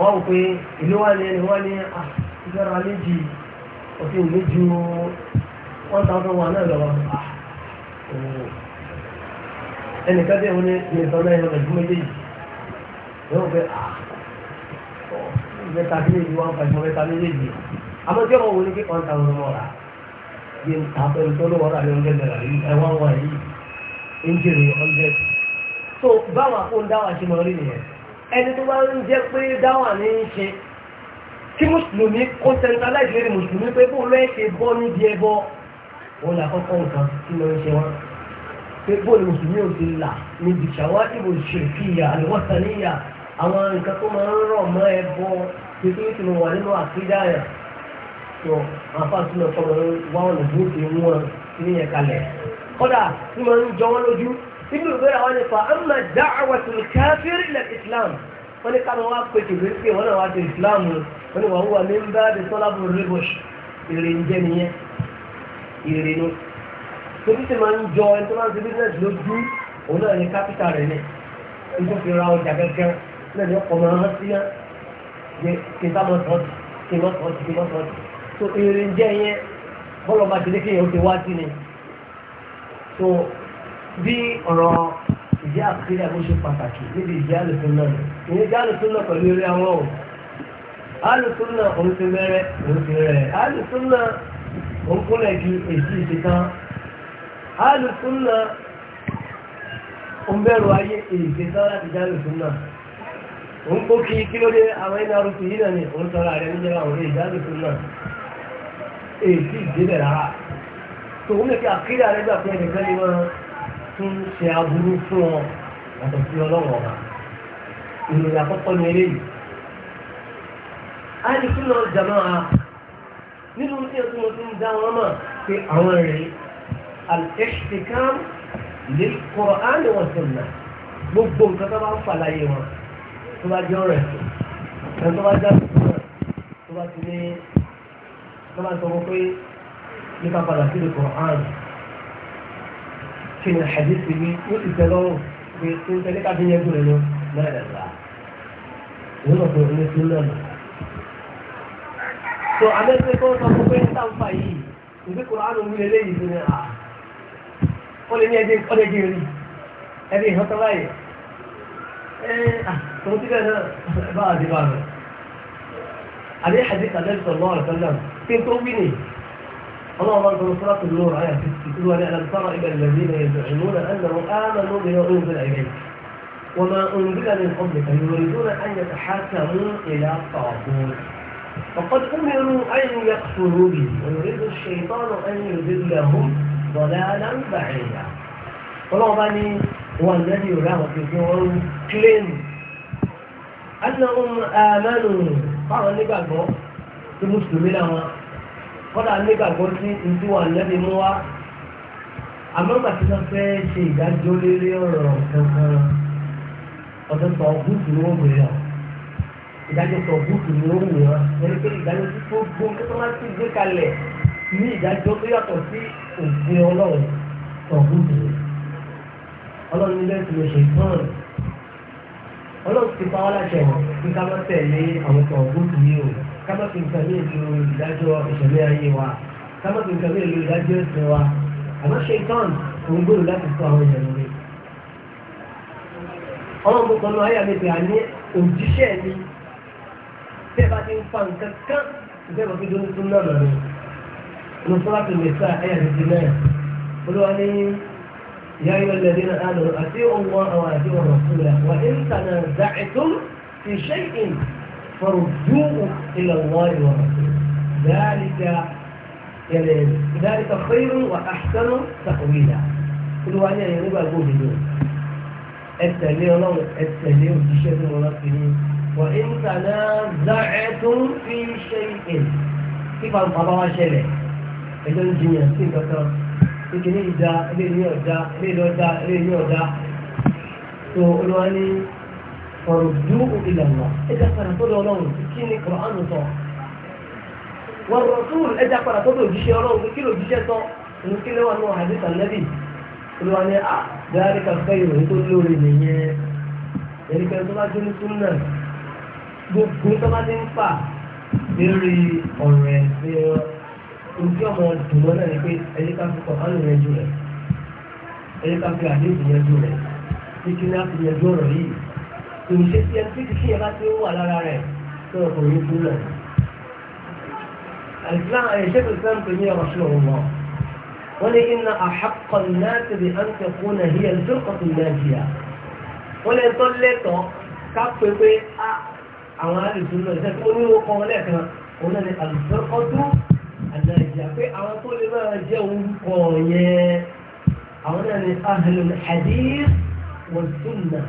wọ́n wò pé ìlú wà ah, ní ẹni wọ́n ní ìjọra méjì òfin méjì one thousand one náà lọ́wọ́ ah, ẹnìkan dé wọn ní ìyẹ̀sán náà yẹn lọ́dún méjèèjì yóò fẹ́ ah, mẹ́ta bí méjì wọn fà ìmọ̀ mẹ́ta méjèèjì àmọ́ tí wọ́n wò ní kí one thousand one rà bí n ta pẹ̀lú tó lówó rà ní ọ̀gẹ́ náírà yìí ẹ̀wọ̀n wọn yìí ń jèrè ọ̀gẹ́ tó báwọn akóńdáwà ṣe mọ̀ rí nìyẹn ẹni tó bá ń jẹ́ pé dáwà ní í ṣe kí mùsùlùmí kó centralize lérí mùsùlùmí pé bó lọ́ọ́ ṣe bọ́ níbi ẹbọ wọn là kọ́kọ́ nǹkan tí wọ́n ń ṣe wọn pé bó ni mùsùlùmí ò ti là níbi ṣàwá ìbò ṣèkìyà àlùwọ́sàníyà àwọn nǹkan tó máa ń rọ̀ mọ́ ẹbọ títí tí mo wà nínú àkídá yẹn tó àfáàtú náà kọ́ mọ́ wá ọ̀nà bí ti mú wọn inú ìwé àwọn nípa amma da'watul kafir ila islam wọ́n ní káàmù wá pé kìlú pé wọ́n náà wá di islam wọ́n ní wọ́n wà ní bá di sọ́lábù ribush ìrè ń jẹ́ nìyẹn ìrè ni tóbi tí máa ń jọ ẹni tó máa ń ṣe business lójú òun náà ní kápítà rẹ̀ ní ìtò fi ra ọjà gẹ́gẹ́ náà ní ọkọ̀ máa ń rántí yá kí n sábà tọ́ kí n má tọ́ kí n bá ti dé bí ọ̀rọ̀ ìjẹ́ àkílẹ̀ bó ṣe pàtàkì níbi ìjẹ́ àlùfún náà ìyẹn ìjẹ́ àlùfún náà pẹ̀lú eré àwọn ò àlùfún náà òun ti mẹ́rẹ́ òun ti rẹ̀ àlùfún náà òun kúnlẹ̀ ju èsì ìṣetán àlùfún náà òun bẹ̀rù ayé ìṣetán láti jẹ́ àlùfún náà òun kó kí kí ló dé àwọn ẹni arúgbó yìí náà ni òun sọ̀rọ̀ àrẹ níjẹ́ àwọn orí ìjẹ́ náà èsì ìdíbẹ̀ rárá tòun lè fi àkílẹ̀ àrẹ́gbà fún ẹnìkan tó ń ṣe aburú fún ọ yàtọ̀ sí ọlọ́wọ́ ọba ìròyìn àkọ́kọ́ ni eléyìí. a ní kí lọ jàmọ́ a nínú tí o tí mo ti ń dá wọn mọ̀ pé àwọn rèé al-ihtikam lil Qur'an wa sunnah gbogbo nǹkan tó bá ń fà láyé wọn tó bá jẹ́ ọ̀rẹ́ ẹni tó bá já tó bá ti ní tó bá sọ wọn pé nípa padà sí lil Qur'an ṣe ní àdéṣe yìí ó sì tẹ lọ́rùn pé tó tẹ̀lé káfí yẹn gùn lọ náà dàgbà òun náà fún omi tún náà. tó abẹ́sẹ̀ kọ́ sọ fún pé sáǹfà yìí ìdí kò ránù wí lélẹ́yìí fún mi à ó lè ní ẹdí ọdẹ kí n rí ẹbí ìhàn tó báyìí ẹ àtúntò tí bẹ́ẹ̀ náà bá àdébà rẹ̀ àdéhàdé tàbí sọ̀rọ̀ lọ́wọ́ rẹ̀ sọ́dọ̀ tí tó wí اللهم انت مصرات النور آية 62 ولألم تر إلى الذين يزعمون أنهم آمنوا بما أنزل إليك وما أنزل من قبلك يريدون أن يتحاكموا إلى الطاغوت فقد أمروا أن يكفروا به ويريد الشيطان أن يذلهم ضلالا بعيدا اللهم بني هو الذي يراه كلين أنهم آمنوا قالوا لي بقى المسلمين kọ́dà nígbàgbọ́ sí ìdíwà nẹ́bí mú wá àmọ́ gbàtí wọ́n fẹ́ ṣe ìdájọ́ lérí ọ̀rọ̀ kankan ọ̀dọ́ sọ búùtù ni wọ́n wòye hàn ìdájọ́ sọ búùtù ni wọ́n wòye hàn ẹni pé ìdájọ́ tí tó gbóhùn tó máa ti gbé kalẹ̀ ní ìdájọ́ tó yàtọ̀ sí òfin ọlọ́run sọ búùtù ni ọlọ́run nílẹ̀ tí mo ṣe tán ọlọ́run ti pa wọ́n láṣẹ wọn kí ká má tẹ̀lé àwọn sọ búùtù yìí kámọ́tì nǹkan ní ìlú ìdájọ́ ìṣẹ̀lẹ̀ ayé wa kámọ́tì nǹkan ní ìlú ìdájọ́ ìṣẹ̀ wa àmọ́ ṣe tán òun gbòòrò láti kó àwọn èèyàn lórí. ọlọ́run gbogbo náà ayà mi pé a ní òjíṣẹ́ ni tẹ́ bá ti ń fa nǹkan kan ìfẹ́ bọ́ kíkó tó náà lọ rẹ̀. ló sọ́ra tó lè sá ayà mi ti náà olúwa ní ìyá yóò lẹ́dí náà àlọ́ فرجوه إلى الله ورسوله ذلك يعني ذلك خير وأحسن تأويلا كل واحد يعني يبقى يقول بدون التأليه لو التأليه والشيء المنافقين وإن تنازعتم في شيء كيف القضاء شيء إذا الجنيا كيف ترى ìkíní ìdá ilé ìní ọ̀dá ilé ìlú ọ̀dá ilé ìní ọ̀dá tó olúwa ní فرجوه إلى الله إذا فرطوا لهم كيني قرآن صار والرسول إذا فرطوا له جيش لهم كيلو جيش صار نقول له أنه حديث النبي قالوا أنا آه ذلك الخير يقول له لي يعني جن سنة ọmọ náà ni pé ẹni ká fi kọ̀ọ̀kan lò yẹn jù rẹ̀ ẹni ká fi àdéhùn yẹn jù rẹ̀ ní kí fi yẹn tó ṣe tí ẹ tí kìí bá ti wà lára rẹ̀ tó ọkọ̀ yóò kú lẹ̀. Islam ẹ̀ṣẹ́ tó sẹ́m tó ní ọmọ ṣùgbọ́n wọn. Wọ́n ní iná àhàkọ́ náà ti di àǹtẹ̀ fún náà yíyẹ tó kọ̀ tó Nàìjíríà. Wọ́n lẹ́ tọ́ lẹ́tọ̀ọ́ ká pé pé àwọn àlùsùn náà ṣe tó ní wọn wọn lẹ́ẹ̀kan òun náà ni àlùsùn ọdún àdáyà pé àwọn tó lè máa jẹ́ orúkọ yẹn àwọn náà ni ahlul hadith wa sunnah.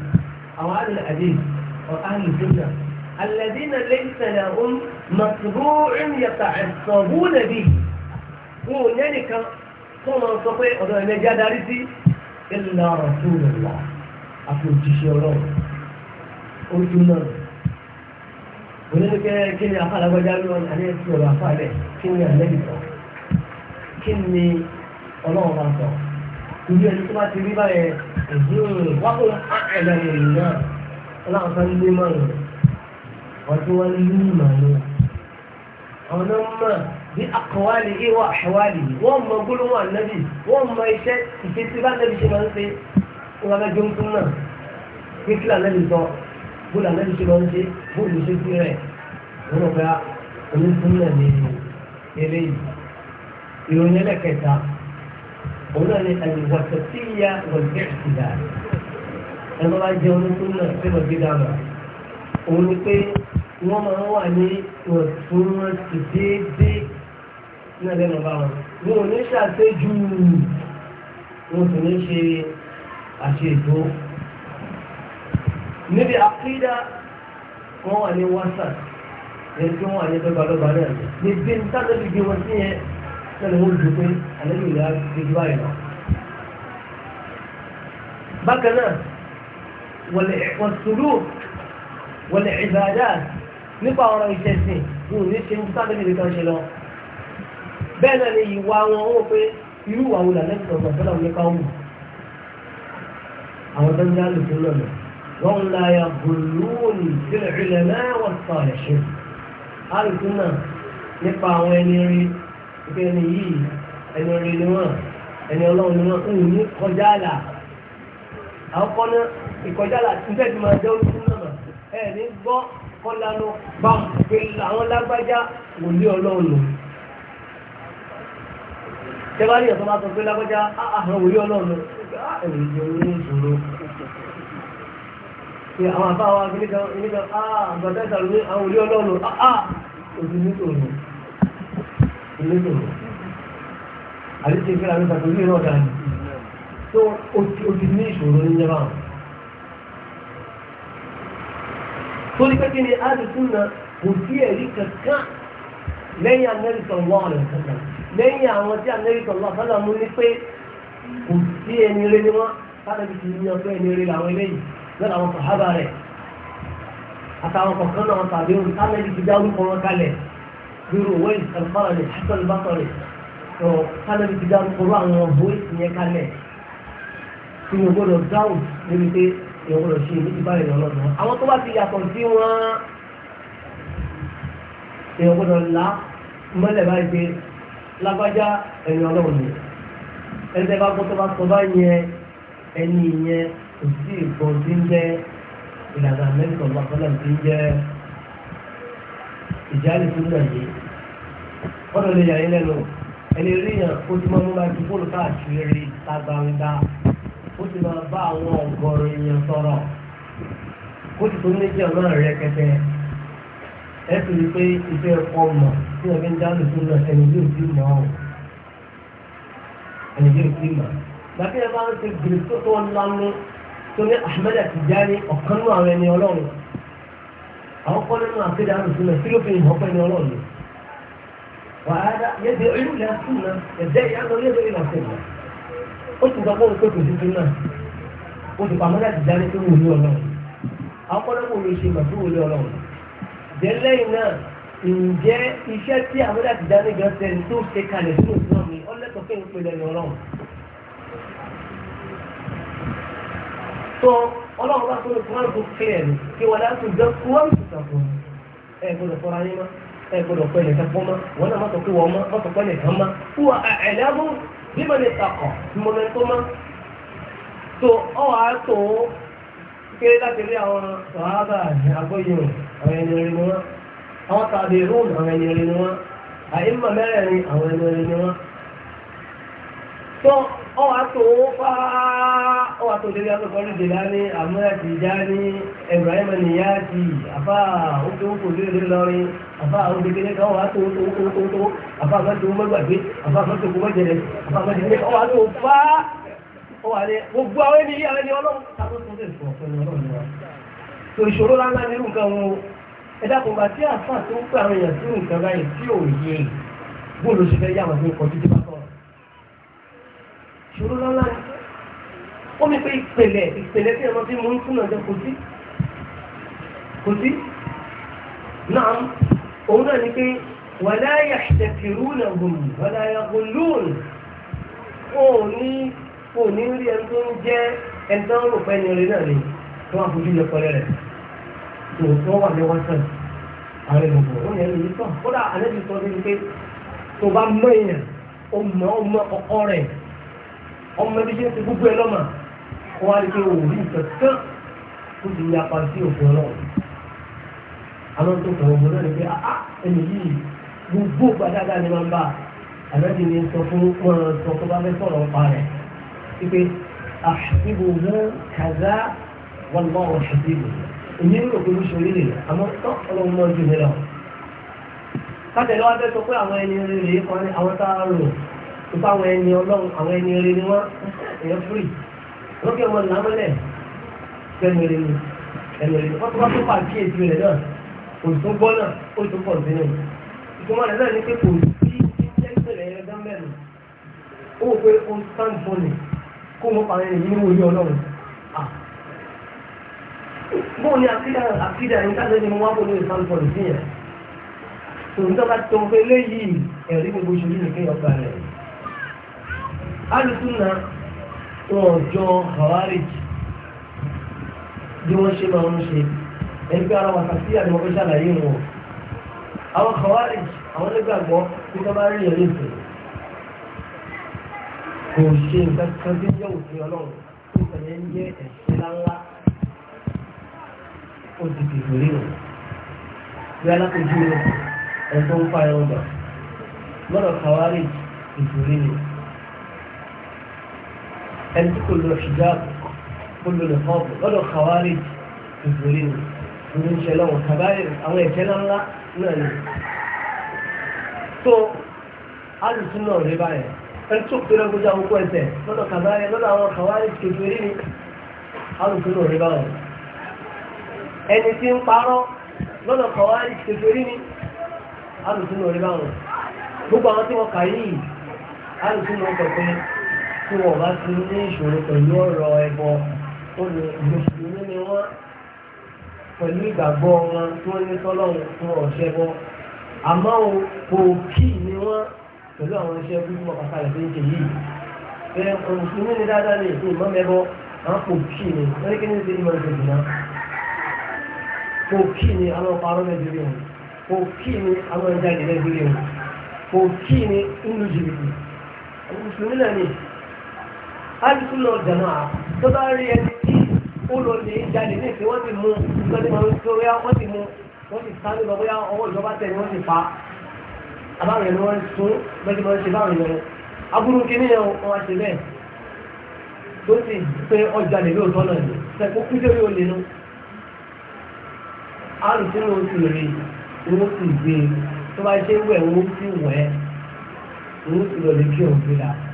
أو أهل الحديث أو الجنة الذين ليس لهم مطبوع يتعصبون به هو ذلك ثم نستطيع أن نجد رسي إلا رسول الله أقول تشيرون أرجونا ولذلك كني أخالا وجالون أن يسير أخاله كني أهل كني ألوه ìdí ẹni tó bá ti rí báyẹn ẹ̀dùn wákò ẹ̀dà ìrìn náà ọlọ́run kan ní mọ̀ rẹ̀ wọ́n tún wá ní ìmọ̀ rẹ̀ àwọn náà mọ̀ bí akọ̀wálì yìí wà àṣẹwálì yìí wọ́n mọ gbólóhùn ànábì wọ́n mọ iṣẹ́ ìṣesí bá ànábì ṣe máa ń ṣe wọ́n bá jó ń tún náà kí kí ànábì sọ bóòlù ànábì ṣe máa ń ṣe bóòlù ṣe sí rẹ̀ wọ́n bá ah, onítún náà ní eléyìí ìròyìn ẹlẹ́kẹta òun náà ni àyùwàsàtìyà wọ̀lẹ́sìlá ẹnu bá jẹ olókùn náà sí wọ̀gídàmà òun ni pé wọ́n máa ń wà ní ìwọ̀ntúnwọ̀nsì déédéé náà lẹ́nu bá wọn wọn ò ní ṣàṣejù wọn sì ní ṣe àṣejù níbi àkídà wọn wà ní wásà ẹni tí wọn wà ní dọ́gbadọ́gba náà ní bí n tàbí gbé wọn sí yẹn sẹ́nu wọ́n lù pé àlejò ìlà ìlú báyìí lọ. bákan náà wọ̀sùlù wọlé ìbàdà nípa ọ̀rọ̀ ìṣẹ̀sìn ní òní ṣe ń sáré níbi kan ṣe lọ. bẹ́ẹ̀ náà ni ìwà wọn ó pé irú ìwà wo làlẹ́ ìtọ̀gbọ̀n sọ́dọ̀ ní ká wù. àwọn tó ń dá lùkú lọ́nà wọ́n ń la ya gùlùúnì sílẹ̀ ìlẹ̀ náà wọ́n sọ̀rọ̀ ṣe. alùpùpù náà nípa àwọn ẹni rí pé ẹni yìí ẹni orin ni wọ́n ẹni ọlọ́run ni wọ́n ń ní kọjá àlà àkọ́kọ́ náà ìkọjá àlà níbẹ̀ tí máa jẹ́ oṣù náà ẹ̀ ní gbọ́ kọ́lanu bá pé àwọn lágbájá wò lé ọlọ́run tẹ́bárí ọ̀tọ́ bá sọ pé lágbájá ah, ah, ah, àwọn wòlé ọlọ́run ẹ̀rìn jẹ́ orí ìṣòro pé àwọn àbáwá nígbà àgbàdá ìṣàlùmí àwọn wòlé ọlọ́run àà òdì nítorí ìlélò àdíṣe ìfẹ́ra ní pàtó ilé náà dání tó o ti ní ìṣòro ní yẹn báwọn. tó ní pẹ́kẹ́ ni àdìsún náà kò sí ẹ̀rí kankan lẹ́yìn amẹ́ríkà wọ́n rẹ̀ kankan lẹ́yìn àwọn tí amẹ́ríkà wọ́n fẹ́lá mú ní pé kò sí ẹni rẹ ni wọ́n sáré bí ti ní ọgbẹ́ ẹni rẹ làwọn eléyìí lọ́dọ̀ àwọn sàhábà rẹ̀ àtàwọn kọ̀ọ̀kan náà tàbí olùkálẹ̀ ti dárúkọ wọn kalẹ̀ bírò wẹ́ẹ̀lì kàlùfàrà ní ṣùgbọ́n bàtọ̀rì tó kálẹ̀lì ti dárúkọ rú àwọn voice yẹn kalẹ̀ tí mo gbọ́dọ̀ dáhùn níbi pé èèyàn gbọ́dọ̀ ṣe ìlú ti báyìí lọ́dọ̀ àwọn tó bá ti yàtọ̀ sí wọn èèyàn gbọ́dọ̀ là mọ́lẹ̀ báyìí pé lágbájá ẹ̀yìn ọlọ́run ni ẹ̀ńtẹ́ bá gbọ́ tó bá sọ báyìí yẹn ẹni yẹn kò sí ìbọn tí ń jẹ́ ìlànà mẹ́tọ̀ bàbá náà ti ń jẹ́ ìjálè tó náà yìí kọ́nà lè yà yín lẹ́nu ẹni rí yàn ó ti máa mú bá ju bóòlù káàkiri ta gbangba ó ti máa bá àwọn ọ̀gọ̀rọ̀ èèyàn sọ̀rọ̀ ó ti tó ní jẹ́ ọ̀nà rẹ̀ kẹtẹ ẹ sì rí pé iṣẹ́ ẹ̀kọ́ mọ̀ tí wọ́n fi ń dáhùn sí náà ẹni yóò ti mọ̀ ọ́ ẹni yóò ti mọ̀ gbàtí ẹ bá ń ṣe gbèrè tó tó lánú tó ní Ahmed Tijani ọ̀kan nínú àwọn ẹni ọlọ́run àwọn kọ́ nínú àkéde àrùn sí náà kí ló fi hàn pẹ́ ẹni ọlọ́run وهذا يدعو إلى السنة يدعي أنه يدعو إلى السنة قلت تقول كنت في السنة قلت بعمل الدار كل ولي الله أقول أقول شيء ما في ولي الله دلنا ǹjẹ́ iṣẹ́ tí àwọn àtìdáni gan tẹ̀lé tó ṣe kalẹ̀ sínú ìfún mi ọlẹ́tọ̀ọ́ fún ìpínlẹ̀ ní ọlọ́run. tó ọlọ́run bá tó ìfún àrùn tó kílẹ̀ ní kí wọ́n dá tó jẹ́ kó wọ́n ti sàkóso ẹ̀ gbọ́dọ̀ fọ́ra yín náà ẹ gbọ́dọ̀ pẹ́ nìkan pọ́ mọ́ wọn náà mọ́tò pé wọ́n mọ́ mọ́tò pẹ́ nìkan mọ́ fún wa ẹ̀dáàbò bí mo lè takọ̀ bí mo lè tó mọ́ tó ọ wàá tó kéré láti rí àwọn sàhábà àgbóyè àwọn ẹni rẹ ni wọn àwọn tàbí rúùn àwọn ẹni rẹ ni wọn àyè mọ̀ mẹ́rẹ̀ẹ̀rin àwọn ẹni rẹ ni wọn ọwà tó fà á ọwà tó dédé akọ́kọ́ ní dèlá ní àmúyàtì ìjá ní Ibrahim Niyati àbá òkè òkè òdèrè lọrin àbá òkè kéde ká ọwà tó tó tó tó tó àbá àbájọ owó mẹgbàgbé àbá àbájọ owó mẹjẹrẹ àbá àbájọ owó ọwà tó fà á ọwà ní gbogbo àwọn ènìyàn àwọn ènìyàn ọlọ́run ká ló tún lè sọ ọ̀pẹ̀lẹ̀ ọlọ́run wa tó ìṣòro láńlá nínú nǹkan wọn o ẹ dákun bá tí àfà tó ń pè àwọn èèyàn sí nǹkan báyìí tí ò yé bóòlù ṣe fẹ́ yá àwọn tó ń kọjú dé bá ìṣòro lọ́la ni ó mi pé ìpìlẹ̀ ìpìlẹ̀ tí ẹ̀rọ tí mo ń túnà jẹ kò sí kò sí náà òun náà ni pé wàlá yàtẹ̀kìrú nà gòlù wàlá yàgòlù ò ní ò ní rí ẹni tó ń jẹ́ ẹni tó ń rò pé ẹni rẹ náà ni tó wà fojú yẹ pẹlẹ rẹ tó tó wà ní wáṣẹ àwọn ènìyàn wọn yẹn lè sọ kódà àlejò sọ ní pé tó bá mọ èèyàn ó mọ ọmọ ọkọ rẹ ọmọ ẹbí ṣe ń ti gbogbo ẹ lọ́mà wọ́n á rí pé òun rí kankan ó ti ní apá sí òfin ọlọ́run àwọn tó kàn wọ́n náà ni pé ah, ah ẹni yìí gbogbo gbàdágà ni máa ń bá ànábì ni sọ fún wọn sọ tó bá fẹ́ sọ̀rọ̀ ọ̀pá rẹ̀ wípé àṣìbò mú kàdá wọn lọ wọn ṣàṣìbò èmi ń rò pé mo ṣòrí àmọ́ tó ọlọ́run náà jù mí lọ. kájẹ̀ fẹ́ sọ pé àwọn ẹni rere kan ní àwọn tá a rò nípa àwọn ẹni ọlọ́run àwọn ẹni eré ni wọ́n èèyàn fúrì lókè wọn làmọ́lẹ̀ sẹ́nu eré ni ẹnu eré ni wọ́n tó bá tó pa kíyèsí rẹ̀ náà kò tó gbọ́ náà ó tó pọ̀ sí náà ìtumọ̀ rẹ̀ náà ní pé kò sí ìṣẹ́sẹ̀rẹ̀ ẹ̀rọ gánbẹ̀rù ó wò pé ó ń sáǹd fọ́ọ̀nì kó mọ́ pa ẹni yìí ní orí ọlọ́run bóun ni àkídà ẹni káṣẹ́ ni mo wá bó lórí sáǹd fọ́ọ̀nì sí yẹn tòun tó bá tó ń pé léyìí ẹ̀rí gbogbo ìṣòro nìkéyàn gbà rẹ̀ alùsùnà wọn jọ kàwárìjì bí wọ́n ṣe máa ń ṣe ẹgbẹ́ ara wọn kàtí àti wọn fẹ́ ṣàlàyé wọn àwọn kàwárìjì àwọn onígbàgbọ́ tí wọ́n bá rí yẹn lẹ́sẹ̀ kò ṣe nǹkan kan tí ń jẹ́ òfin ọlọ́run tó kàn ń jẹ́ ẹ̀sìn ńláńlá ó ti dìbò rí wọn bí alákòjú rẹ̀ ẹ̀dọ́ ń fa ẹ̀rọ gbà lọ́dọ̀ kàwárìjì ìbò rí ẹni tí kò lọ hijab kò lọ lè fọ́ lọ́dọ̀ khawarij ìgbòrí ni ìlú ń ṣe lọ́wọ́ kàbáyé àwọn ẹ̀jẹ̀ ńláńlá náà ni. tó alùsùn náà rí báyẹn ẹni tó pèrè gbọ́dọ̀ àwọn okó ẹsẹ̀ lọ́dọ̀ kàbáyé lọ́dọ̀ àwọn khawarij ìgbòrí ni alùsùn náà rí báyẹn. ẹni tí ń parọ́ lọ́dọ̀ khawarij ìgbòrí ni alùsùn náà rí báyẹn. gbogbo àwọn tí wọ́n kà yìí alùsùn náà kọ̀ tí wọ́n bá ti ní ìṣòro pẹ̀lú ọ̀rọ̀ ẹbọ olùmùsùlùmí ni wọ́n pẹ̀lú ìgbàgbọ́ wọn tí wọ́n ní tọ́lọ́run fún ọ̀ṣẹ́ bọ́ àmọ́ òkì ni wọ́n pẹ̀lú àwọn iṣẹ́ bí wọ́n kàkà rẹ̀ tó ń ṣe yìí ẹ olùsùlùmí ni dáadáa ní ìpín ìmọ̀ mẹ́bọ àwọn òkì ni wọ́n ní kí ní ṣe ìmọ̀ ìṣèjì náà òkì ni àwọn ọkọ̀ arọ́ nàìjíríà alùpùpù náà jẹ̀mọ́ à tó bá rí ẹni tí ó lọ lè jáde ní ìpín wọ́n ti mú nǹkan tí wọ́n ti rí wọ́n ti mú wọ́n ti sáré lọ bóyá ọwọ́ ìjọba tẹ̀ ni wọ́n ti pa àbáwọn ẹni wọ́n sún bẹ́ẹ̀ wọ́n ṣe báwọn ẹni aburú kìíní yẹn wọ́n ṣe bẹ́ẹ̀ tó sì pé ọjà lè lóòótọ́ náà ni sẹ́kó kú sí olè nu alùpùpù náà rí wọ́n sì gbé tó bá ṣe wẹ̀ wọ́n sì wẹ̀ wọ́n sì lọ lè kí òun fi là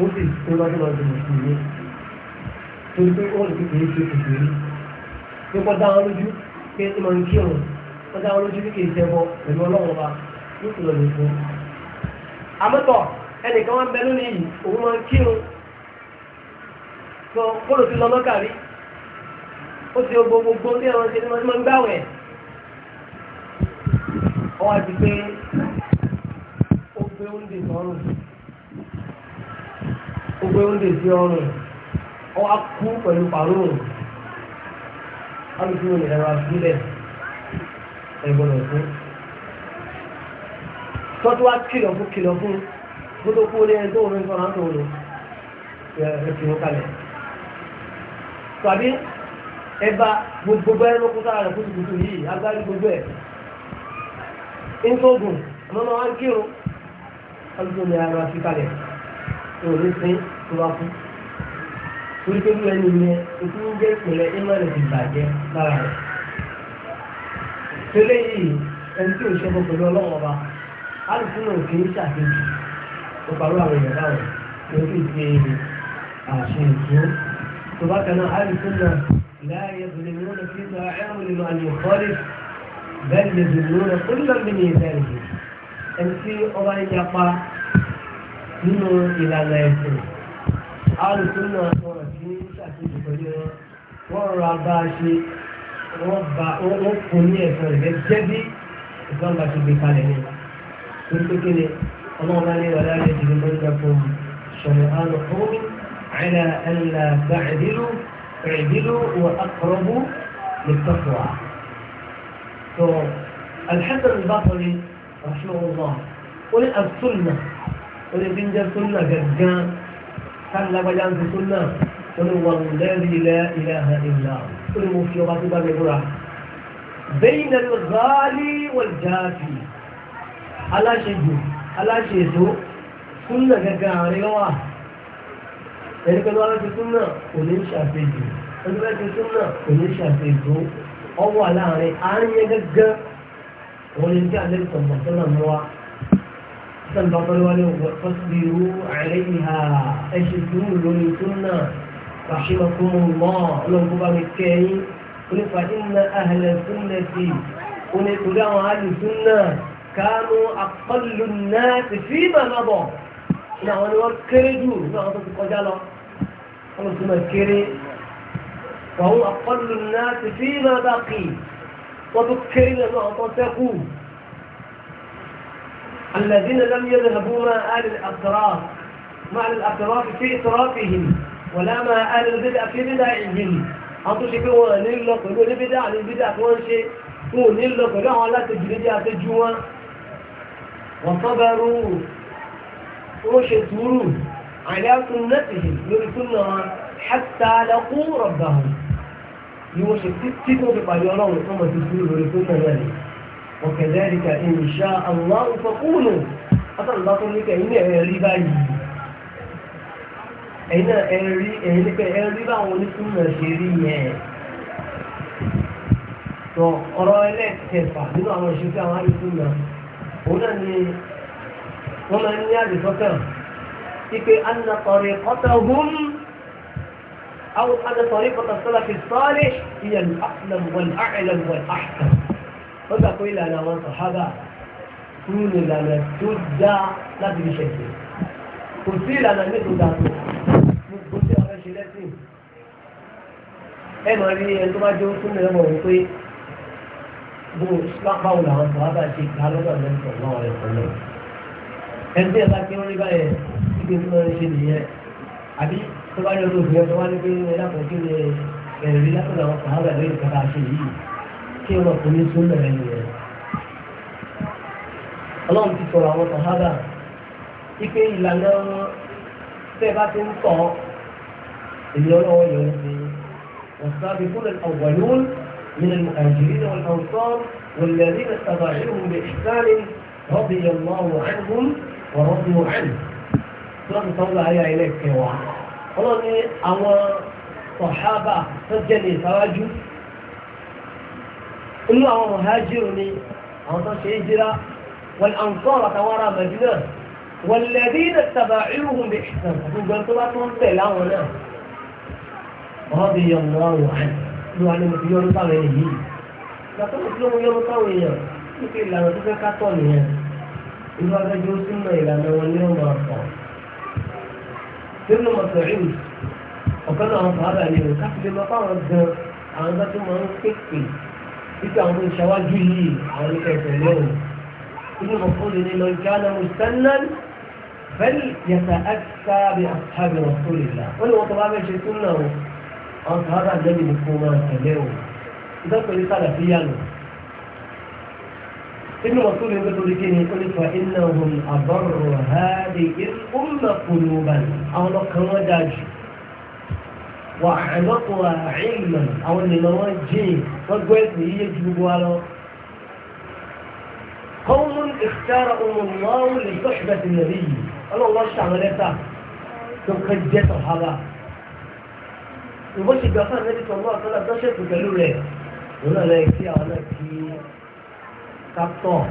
ó sì tó lọ́dún lọ́dún mùsùlùmí torí pé wọ́n lè fi kìí ṣe kùsùlùmí pé kọ́ dá wọn lójú pé ó máa ń kí òun kọ́ dá wọn lójú ní kìí ṣe wọn pẹ̀lú ọlọ́wọ́ wa ló sì lọ lè fún un. àmọ́tọ̀ ẹnìkan wọn bẹ lónìí yìí òun máa ń kí òun sọ kóló ti lọ lọ́kàrí ó ti gbogbo gbogbo bí ẹ̀rọ ṣe ni wọ́n ti máa ń gbáwẹ̀ ọwọ́ àti pé ó gbé oúnjẹ sọ́rùn gbogbo oúnjẹ sí ọrùn ọ wá kú pẹ̀lú pàrọ̀ alùpùpù ní ẹ̀rọ àbílẹ̀ ẹ̀gbọ́n ọ̀fún. tọ́tù wá kìlọ̀ fún kìlọ̀ fún gbogbo kú ní ẹni tó wọn sọ̀rọ̀ àtọ̀ wọn ẹ̀sìn wọn kalẹ̀. tàbí ẹba gbogbo ẹni lókun sára rẹ̀ kùtùkùtù yìí agbárí gbogbo ẹ̀. ń tó gùn ọmọ máa ń kírun alùpùpù ní ẹ̀rọ àbílẹ̀ òní sí tó bá kú torí pé kí lẹ́nu yẹn ikú ń jẹ́ ìpìlẹ̀ ìmọ̀lẹ̀ ti bàjẹ́ lára rẹ̀ tẹ́lẹ̀ yìí ẹni tí ò ṣe fún pẹ̀lú ọlọ́wọ́ ọba alùpùpù náà kì í ṣàkejì ó parọ́ àwọn èèyàn láwọn yóò sì ṣe àṣẹ ìṣó tó náà alùpùpù náà láàyè ìbìlẹ̀ mìíràn lè fi sọ ẹ̀rọ ìlú àlùyẹ̀ kọ́lé bẹ́ẹ̀ lè dùn mìíràn kó lè bí ní ìbẹ̀rẹ̀ ẹni tí ọba ń yapa nínú ìlànà ẹ̀sìn alùpùpù náà wọ́n ti ń ṣàkóso pẹ̀lú wọn wọ́n ra bá a ṣe wọ́n ba wọ́n kò ní ẹ̀sán rẹ̀ jẹ́ bí ìsọ́n bá ti gbé kalẹ̀ ní pípékele ọlọ́run bá ní wàlá rẹ̀ ti gbé lọ́jà fún mi ṣọ̀rọ̀ àlọ́ fún mi àìlà ẹ̀là gba ìdílù ìdílù wọ akọ̀rọ̀bù lè tọ́kọ̀ wa. tó alḥasan bàtọ́lì rahmanulah ó ní àtúnná. orí bí ń jẹ́ súnà gẹ̀gán káàlágbájá ń ti súnà olùwà lẹ́rìí ilẹ̀ ilẹ̀ àhà ìlà orí mo fi ọba tó bá mi búra. bẹ́yìn náà ló zálí wọ̀lì jáàfì aláṣejù aláṣeètò súnà gẹ̀gán àárín wà ẹni pẹ̀lú aláṣe súnà kò ní ṣàfihàn ẹni pẹ̀lú aláṣe súnà kò ṣàfihàn ọwọ́ àláàrin àárín yẹn gẹ́gẹ́ òun ni tí alẹ́ sọ̀rọ̀ sọ́nà mọ́ wa sọ́nà ọ̀pọ̀lọpọ̀ ní ọ̀pọ̀lọpọ̀ àìlẹ́yìnhà ẹ̀ṣẹ̀ sùúrù lórí رحمكم الله لو بقى مكاني قل فإن أهل السنة قل تدعوا أهل السنة كانوا أقل الناس فيما مضى نعم وكردوا نعم تقجلوا أنا تمكري فهو أقل الناس فيما بقي وذكرنا نعم تقول الذين لم يذهبوا مع آل الأطراف مع الأطراف في إطرافهم ولا مع آل البدع في بدعهم àwọn tó ṣe pé wọn ní lọ pẹ̀lú oníbídá àti ìbídá tí wọ́n ń ṣe wọn ní lọ pẹ̀lú àwọn alátẹ̀jù lédé àtẹ́jú wọn wọ́n tán bá rú ó ṣe sùúrù àyàkùn nẹ́tì lórí súnà hátà lákú rọ̀bà ni wọ́n ṣe títí tó fi pàdé ọlọ́run tó mọ̀ sí sùúrù lórí súnà náà وكذلك إن شاء الله فقولوا أصلا باطل لك إن أهلي باي إن أهلي أهلك أهلي باي ونسمى شريعة tó ọ̀rọ̀ ẹlẹ́ẹ̀kẹfà nínú àwọn ìṣẹ́ tí àwọn àìsùn náà òun náà ni wọ́n máa ń ní àdìsọ́kàn ipe anàtọ̀rẹ̀ kọ́tà hùm àwọn anàtọ̀rẹ̀ kọ́tà sọ́lá fi sọ́ọ́lẹ̀ ìyẹn àfìlẹ̀mùwẹ̀l àìlẹ̀mùwẹ̀l àṣà ó gbà pé ìlànà àwọn sàhábà kúrú ní ìlànà tó dá láti fi ṣẹ̀ṣẹ̀ kò sí ìlànà ní tó dàtò gbogbo tí a fẹ́ ṣe lẹ́sìn ẹ máa rí ẹni tó bá jẹ́ fún mi ẹ mọ̀ wípé bó báwo làwọn sàhábà ṣe gbà lọ́dọ̀ mẹ́tọ̀ náà rẹ̀ pẹ̀lú ẹni tí ẹ bá kí wọ́n rí báyẹn ibi tí wọ́n ṣe nìyẹn àbí tó bá yọ lóògùn ẹ tó wá ní pé ẹ dákun tí wọ́n kò ní sún lẹ́rẹ̀ nìyẹn ọlọ́run ti sọ̀rọ̀ àwọn sàhábà wípé ìlànà wọn tẹ́ bá ti ń tọ́ èyí ọlọ́wọ́ yẹn ń ṣe والسابقون الأولون من المهاجرين والأنصار والذين اتبعوهم بإحسان رضي الله عنهم ورضوا عنه سورة الصلاة هي إليك يا واحد ọlọ́run ní àwọn sàhábà tó jẹ́ inú àwọn muhajiru ni àwọn tó ṣe é jira wal ansar àtàwọn ará madina wal ladina taba'uhum bi ihsan gbogbo tó bá tún tẹ̀ láwọn náà radiyallahu anhu ló wà ní mo ti yọrù sáwọn ẹni yìí gbàtọ́ mo ti ló mo yọrù sáwọn èèyàn nípa ìlànà tó fẹ́ ká nìyẹn inú adájọ́ sí mọ ìlànà wọn ní ọmọ àpọ̀ sínú mọ̀tòrìwì ọ̀kan náà àwọn fàábà ni ò يبقى هو شواذ جلي على كيفهم إنه مفهوم إن من كان مستنًا بل يتأكسى بأصحاب رسول الله ولو طبعاً شئتنا أنت هذا الذي مفهوم أنتجاو إذا كنت قال فيانا إنه رسول يقول لك إنه يقول فإنهم أبر هذه الأمة قلوباً أهلا كما جاجب wà ẹ̀lọ́pọ̀ àìmọ̀ àwọn ènìyàn wọn jìn wọ́n gbọ́ ẹ̀sìn yíyé ju gbogbo wa قوم اختارهم الله لصحبة النبي قالوا الله شعب لك تقجة صحابة يبشي بقى النبي صلى الله عليه وسلم بشر تقالوا لي ولا لا يكفي على كي كابتون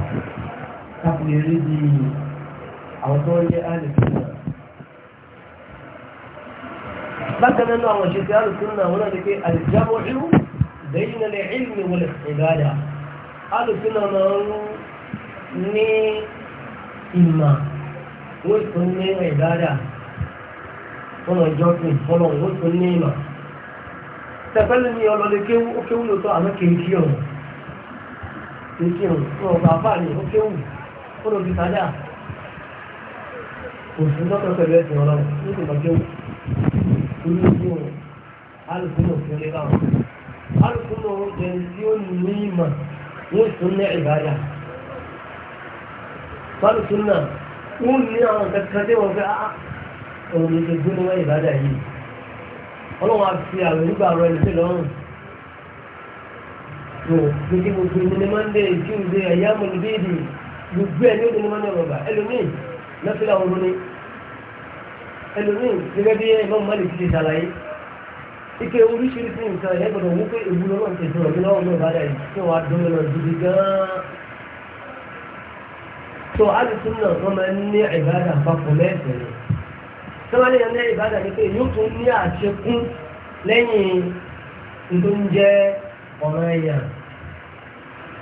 كابتون يريدي أو تقول لي bákan náà àwọn òṣìṣẹ́ alùsùnà wọn náà ni pé àlìjábọ̀ ìlú bẹ́yìn lè ilmi wọlé ìbáda alùsùnà máa ń ní ìmọ̀ wọ́n tún ní ìbáda wọ́n lọ jọ sí ìfọ́lọ̀ wọ́n tún ní ìmọ̀ tẹ̀pẹ́lú ni ọlọ́lẹ̀ kéwú ó kéwú lóòótọ́ àmọ́ kéwú kí ọ̀rọ̀ kéwú kí ọ̀rọ̀ ọ̀rọ̀ bàbá rẹ̀ ó kéwú ó lọ fi sájà òṣìṣẹ́ tọ́kọ̀ pẹ̀lú ẹ̀sìn ọlọ́run ó sì lọ kéwú olójú alùpùpù òfin báwọn alùpùpù ọ̀jẹ̀ tí ó ní ìmọ̀ wọ́n tún ní ìbáyà alùpùpù náà wọ́n ní àwọn kankan tí wọ́n fẹ́ ọ̀rọ̀ ní ìgbó ní wọ́n ìbáyà yìí ọlọ́wọ́n á fi àwọn nígbà rẹ̀ ní sí lọ́rùn gbogbo gbogbo ní mọ́ndé tuesday ẹ̀yà mọ̀lúbíìdì gbogbo ẹ̀ ní ó ní mọ́ndé ọ̀rọ̀ ẹlòmíì lọ́sílẹ̀ ọ̀rọ̀ ni ẹlòmíì gẹ́gẹ́ bí ẹ̀mọ́ mọ́lì ti ṣàlàyé ike oríṣiríṣi nǹkan ẹ̀ gbọ́dọ̀ wú pé ìwúlò náà ti sọ̀rọ̀ nínú ọ̀nà ìbára yìí tí wọ́n á dúró lọ gidi gan-an. tó alùpùpù náà wọ́n máa ń ní ìbádà papọ̀ lẹ́sẹ̀ rẹ̀ sọ́wọ́n yẹn ní ìbádà ni pé yóò tún ní àṣekún lẹ́yìn tó ń jẹ́ ọ̀rọ̀ ẹ̀yà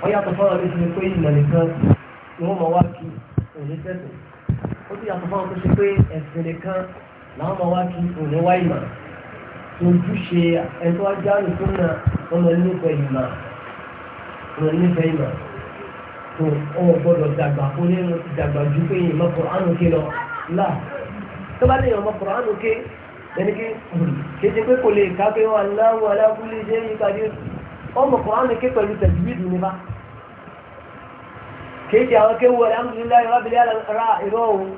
wọ́n yàtọ̀ fọ́nrán mi ti ní pé ìmọ̀ nìkan ni wọ́n máa wá kí òní tẹ̀sán ó ti yàtọ̀ fáwọn tó ṣe pé ẹ̀sìn nìkan làwọn máa wá kí òní wá ìmọ̀ tó ojúṣe ẹ̀tọ́ ajá nìkan náà wọn lọ nífẹ̀ẹ́ ìmọ̀ wọn nífẹ̀ẹ́ ìmọ̀ tó ọwọ́ gbọ́dọ̀ dàgbà kó ní mo ti dàgbà ju pé ìmọ̀ Kùránì ké lọ là tó bá léèyàn ọmọ Kùránì ké ẹni ké kéde pé kò lè ká pé wọn aláwọ̀ aláwọ̀ lè dé ìpàdé ọmọ Kùránì ké pẹ̀lú tẹ̀síbí kìí ṣe àwọn kéwọ́ alhamdulillahi rabbil alamin ìrọ̀ ohun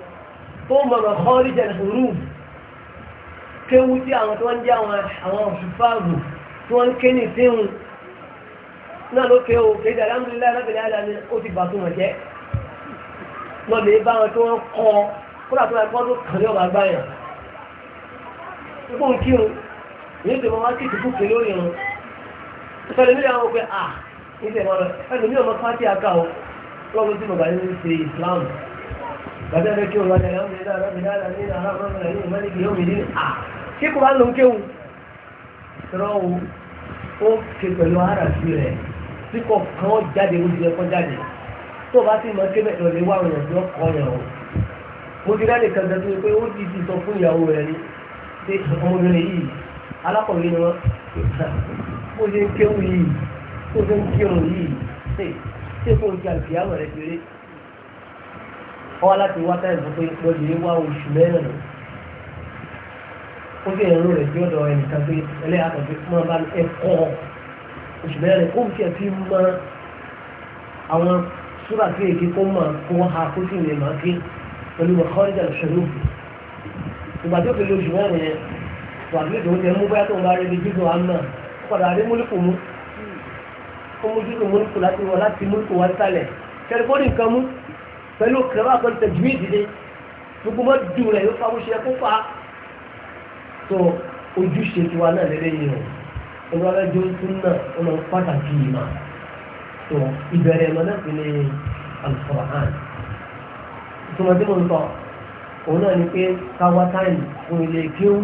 tó mọ̀mọ̀ kọ́ríjà ìrù kéwú tí àwọn tó ń jẹ́ àwọn òṣùfáàgù tí wọ́n ń ké ní tíhun náà ló kéwò kìí ṣe alhamdulillahi rabbil alamin ó ti bà tó mọ̀ jẹ́ lọ́lẹ̀ bá wọn tó ń kọ́ kúrò tó ẹ̀kọ́ tó kàn ní ọ̀gá gbáyàn ìbọn kírun ní ìdè mọ́mọ́ kìí tìkú kìí lórí wọn ìfẹ́lẹ̀ mílíọ̀nù àwọn òpin à ìdè mọ́mọ́ fáti àkà ọ́ lọ́dún tí bàbá yìí ń ṣe Islam bàbá yẹn kí ọ̀la yẹn lọ́dún yẹn lọ́dún yẹn lọ́dún yẹn lọ́dún yẹn lọ́dún yẹn lọ́dún yẹn lọ́dún kí kò bá lọ kéwù tọ́rọ o ó ké pẹ̀lú ara sí rẹ̀ tí kò kàn ó jáde ó jẹ kó jáde tó o bá ti mọ kébẹ̀ lọ́lẹ̀ wà rẹ̀ ló kọ́ yẹn o mo ti dáre kan tó pé ó di ti sọ fún ìyàwó rẹ̀ ni pé ọmọbìnrin yìí alákọ̀wé ni wọ́n mo ṣe ń kéwù yìí mo ṣe ń kírun yìí ṣé kò ń jẹ àlùkìyàmọ̀ rẹ̀ kéré ọwọ́ láti wá táyà ìbò pé lọ́dún wá oṣù mẹ́rin nù ó fi ẹ̀rọ rẹ̀ tí ó dọ̀ ẹnìkan pé ẹlẹ́yà àtọ̀gbẹ́ fún ọba ẹ̀kọ́ oṣù mẹ́rin ó fi ẹ̀fí mọ àwọn súrà tí èké kó mọ̀ kó ha kó sì lè máa ké pẹ̀lú mọ̀kọ́rìjà ìṣòro ìgbà tó fi lo oṣù mẹ́rin yẹn wà lóde oúnjẹ mú bóyá tó ń bá rí ibi jíjọ àná padà rí múlùkù mú ó mójútó múlùkù láti wọ láti múlùkù wá sálẹ̀ kẹrìkọ́rì nǹkan mú pẹ̀lú kẹrẹ́wà pẹ̀lú tẹ̀jú ìdílé gbogbo mọ́ dùn rẹ̀ yóò fa bó ṣe yẹ kó fa tó ojúṣe tiwa náà lélẹ́yìn o ẹgbẹ́ ọlọ́jọ́ tún náà ó lọ pàtàkì yìí náà tó ìbẹ̀rẹ̀ ẹ̀mọ́ náà fi ní alukọ̀rán ìtumọ̀ tí mo ń sọ òun náà ni pé káwá táyì fún ilé kéwú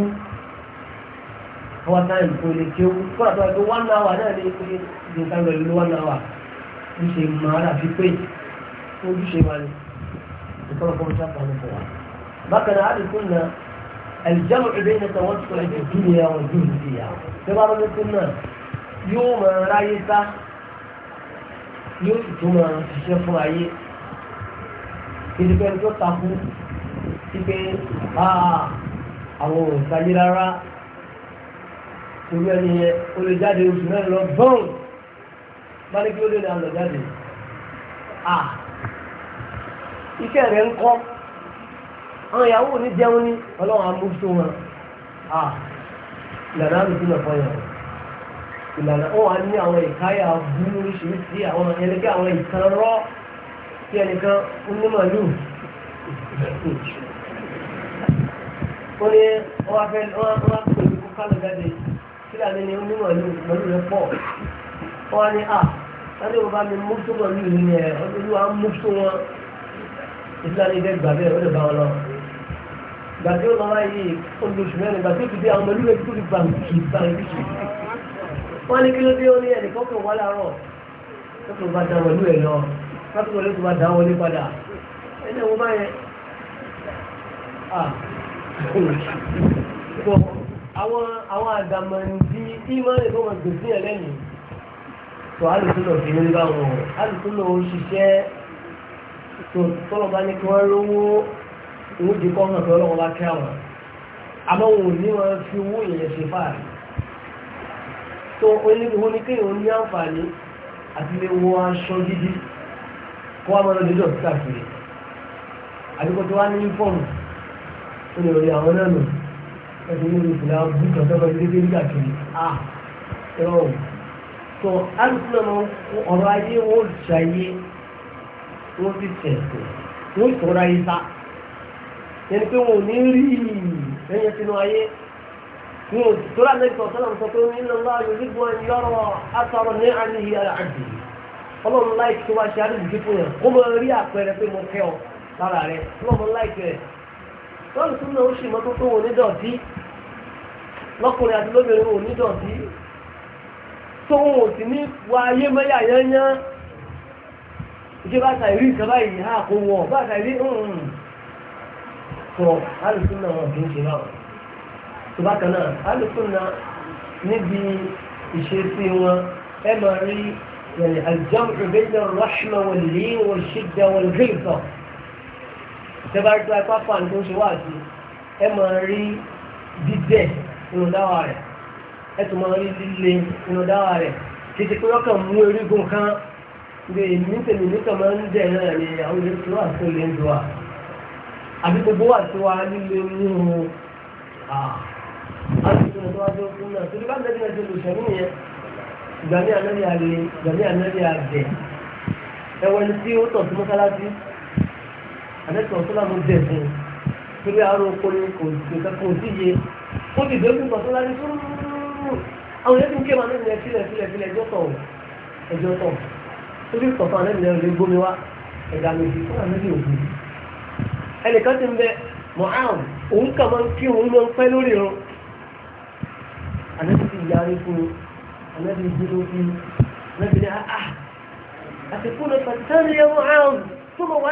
wọ́n táyà ìfún ilé tí ó kó àtọ́ ẹgbẹ́ one hour náà ní pé ní ká lọ ìlú one hour ń ṣe máa rà fi pé ojúṣe wa ni ìkọ́nà kọ́mọ sáfà ní fún wa. bákan náà àdìsí náà ẹ̀lìjámù ìdè ní tàwọn tó ẹ̀ jẹ́ dúró yà wọ́n dúró sí yà tí wọ́n bá lọ sí náà yóò máa ráyé sá yóò sì tún máa ṣiṣẹ́ fún ayé. ìdìbò tó takú sí pé àwọn ò irú ẹni yẹn ó lè jáde oṣù mẹ́rin lọ bọ́ọ̀n bá ní kí ó lè lọ jáde à iṣẹ́ rẹ̀ ń kọ́ àwọn ìyàwó ní jẹun ní ọlọ́run amúṣọ wọn à ìlànà àlùkù náà fọyà ìlànà ó wà ní àwọn ìkáyà búrú oríṣiríṣi àwọn ẹlẹgbẹ́ àwọn ìkan rọ́ sí ẹnìkan onímọ̀lú ó ní wọ́n wá pẹ̀lú kó kálọ̀ jáde tí àmì ni onímọ̀ ní ìpínlẹ̀ rẹ̀ pọ̀ wọ́n ní à wọ́n ní bàbá mi mú tó wọn ní ìlú ni ẹ̀ wọ́n ní wọ́n á mú tó wọn ìsìláàmù ibẹ̀ gbà bẹ́ẹ̀ ó lè bá wọn lọ. gbàdé ó lọ́wọ́ yìí olùsù mẹ́rin gbàdé ó ti dé àwọn ọmọ olúwẹ̀ tó ti gbà kì í gbà kì í. wọ́n ní kí ló dé ó ní ẹnì kọ́kọ́ wà láàárọ̀ kókò bá dá wọn lúwẹ̀ lọ kókò àwọn àwọn àdàmọ̀ndì ìmọ̀lẹ̀ tó mọ̀ gbèsè yẹn lẹ́yìn tó alùpùpù fi lórí báwọn o alùpùpù ó ṣiṣẹ́ tó tọ́lọ̀ bá ní kí wọ́n rówó owó di kọ́ hàn pé ọlọ́wọ́ bá kẹ́ àwọn àmọ́ wọn ò ní wọn fi owó yẹn ṣe fáàrí tó oníkìwó ní kéèyàn ní àǹfààní àti lè wọ aṣọ gidi kó wá mọ́lọ́dé dọ̀ káàkiri àdúgbò tó wá ní fọ́ọ̀mù ó lè rí àwọn náà nù ẹ̀dùn ní ìbùdó abú kan tó bá yẹ kí nígbà kiri a ah. ẹ̀rọ o tó alùpùpù náà ọ̀rọ̀ ayé wọ́n ṣe ayé wọ́n ti tẹ̀ ẹ̀sìn wọ́n sọ̀rọ̀ ayé sá yẹn pé wọn ò ní rí ẹ̀yẹ sínú ayé wọn ò tóra lẹ́sọ̀ sọ́nà sọ pé ní lọ́lá yóò rí bu ẹni yọ̀rọ̀ ọlọ́run láì tó wá ṣe àdúgbò fún yẹn kó mọ rí àpẹẹrẹ pé mo kẹ́ ọ lára rẹ ọlọ́run láì kẹ́ lọ́rùn tún náà ó sì mọ́ tó tó wọn onídọ̀tí lọ́kùnrin àti lóbìnrin wọn onídọ̀tí tó wọn ò sì ní wa ayé mẹ́yà yányá ìjọba àtàrí ìjọba yìí hà kó wọn ọba àtàrí sọ alùsùn náà wọn kì í ṣe náà tó bá kan náà alùsùn náà níbi ìṣesí wọn ẹ máa rí àjọmọ̀ ìbẹ́jọ rọ́ṣmọ̀ wọ̀lẹ́ wọ̀ṣídẹ̀ wọ̀lẹ́ ìjọba rí tó ẹ pápá tó ń ṣe wá sí ẹ máa rí dídẹ̀ nínú rẹ̀ ẹ ma máa rí líle nínú rẹ̀ ṣe pé wọ́n kàn mú orígun kan gbé nítèmi nítọ̀ máa ń dẹ̀ náà ni àwọn ilé tí wà tó lè ń do wa àbí gbogbo wà tó líle mú àlẹ́sọ̀ tó láwọn bẹ̀ fún un torí àárọ̀ oko ni kò sí kò sí iye ó ti dẹ́kun kan tó láti fún àwọn yẹn ti ń ké máa nínú ẹ sílẹ̀ sílẹ̀ sílẹ̀ ẹjọ́ tọ̀ ẹjọ́ tọ̀ torí kọ̀ọ̀kan àlẹ́ nìyẹn lè gbómi wá ẹ̀dá méjì fún àlẹ́ ní òkú ẹnìkan ti ń bẹ mọ̀áhùn òun kà máa ń kí òun máa ń pẹ́ lórí irun àlẹ́ ti yarí fún un àlẹ́ ti gbé fún un pàtàkì ẹ̀wọ̀n àrùn tó mọ̀ wá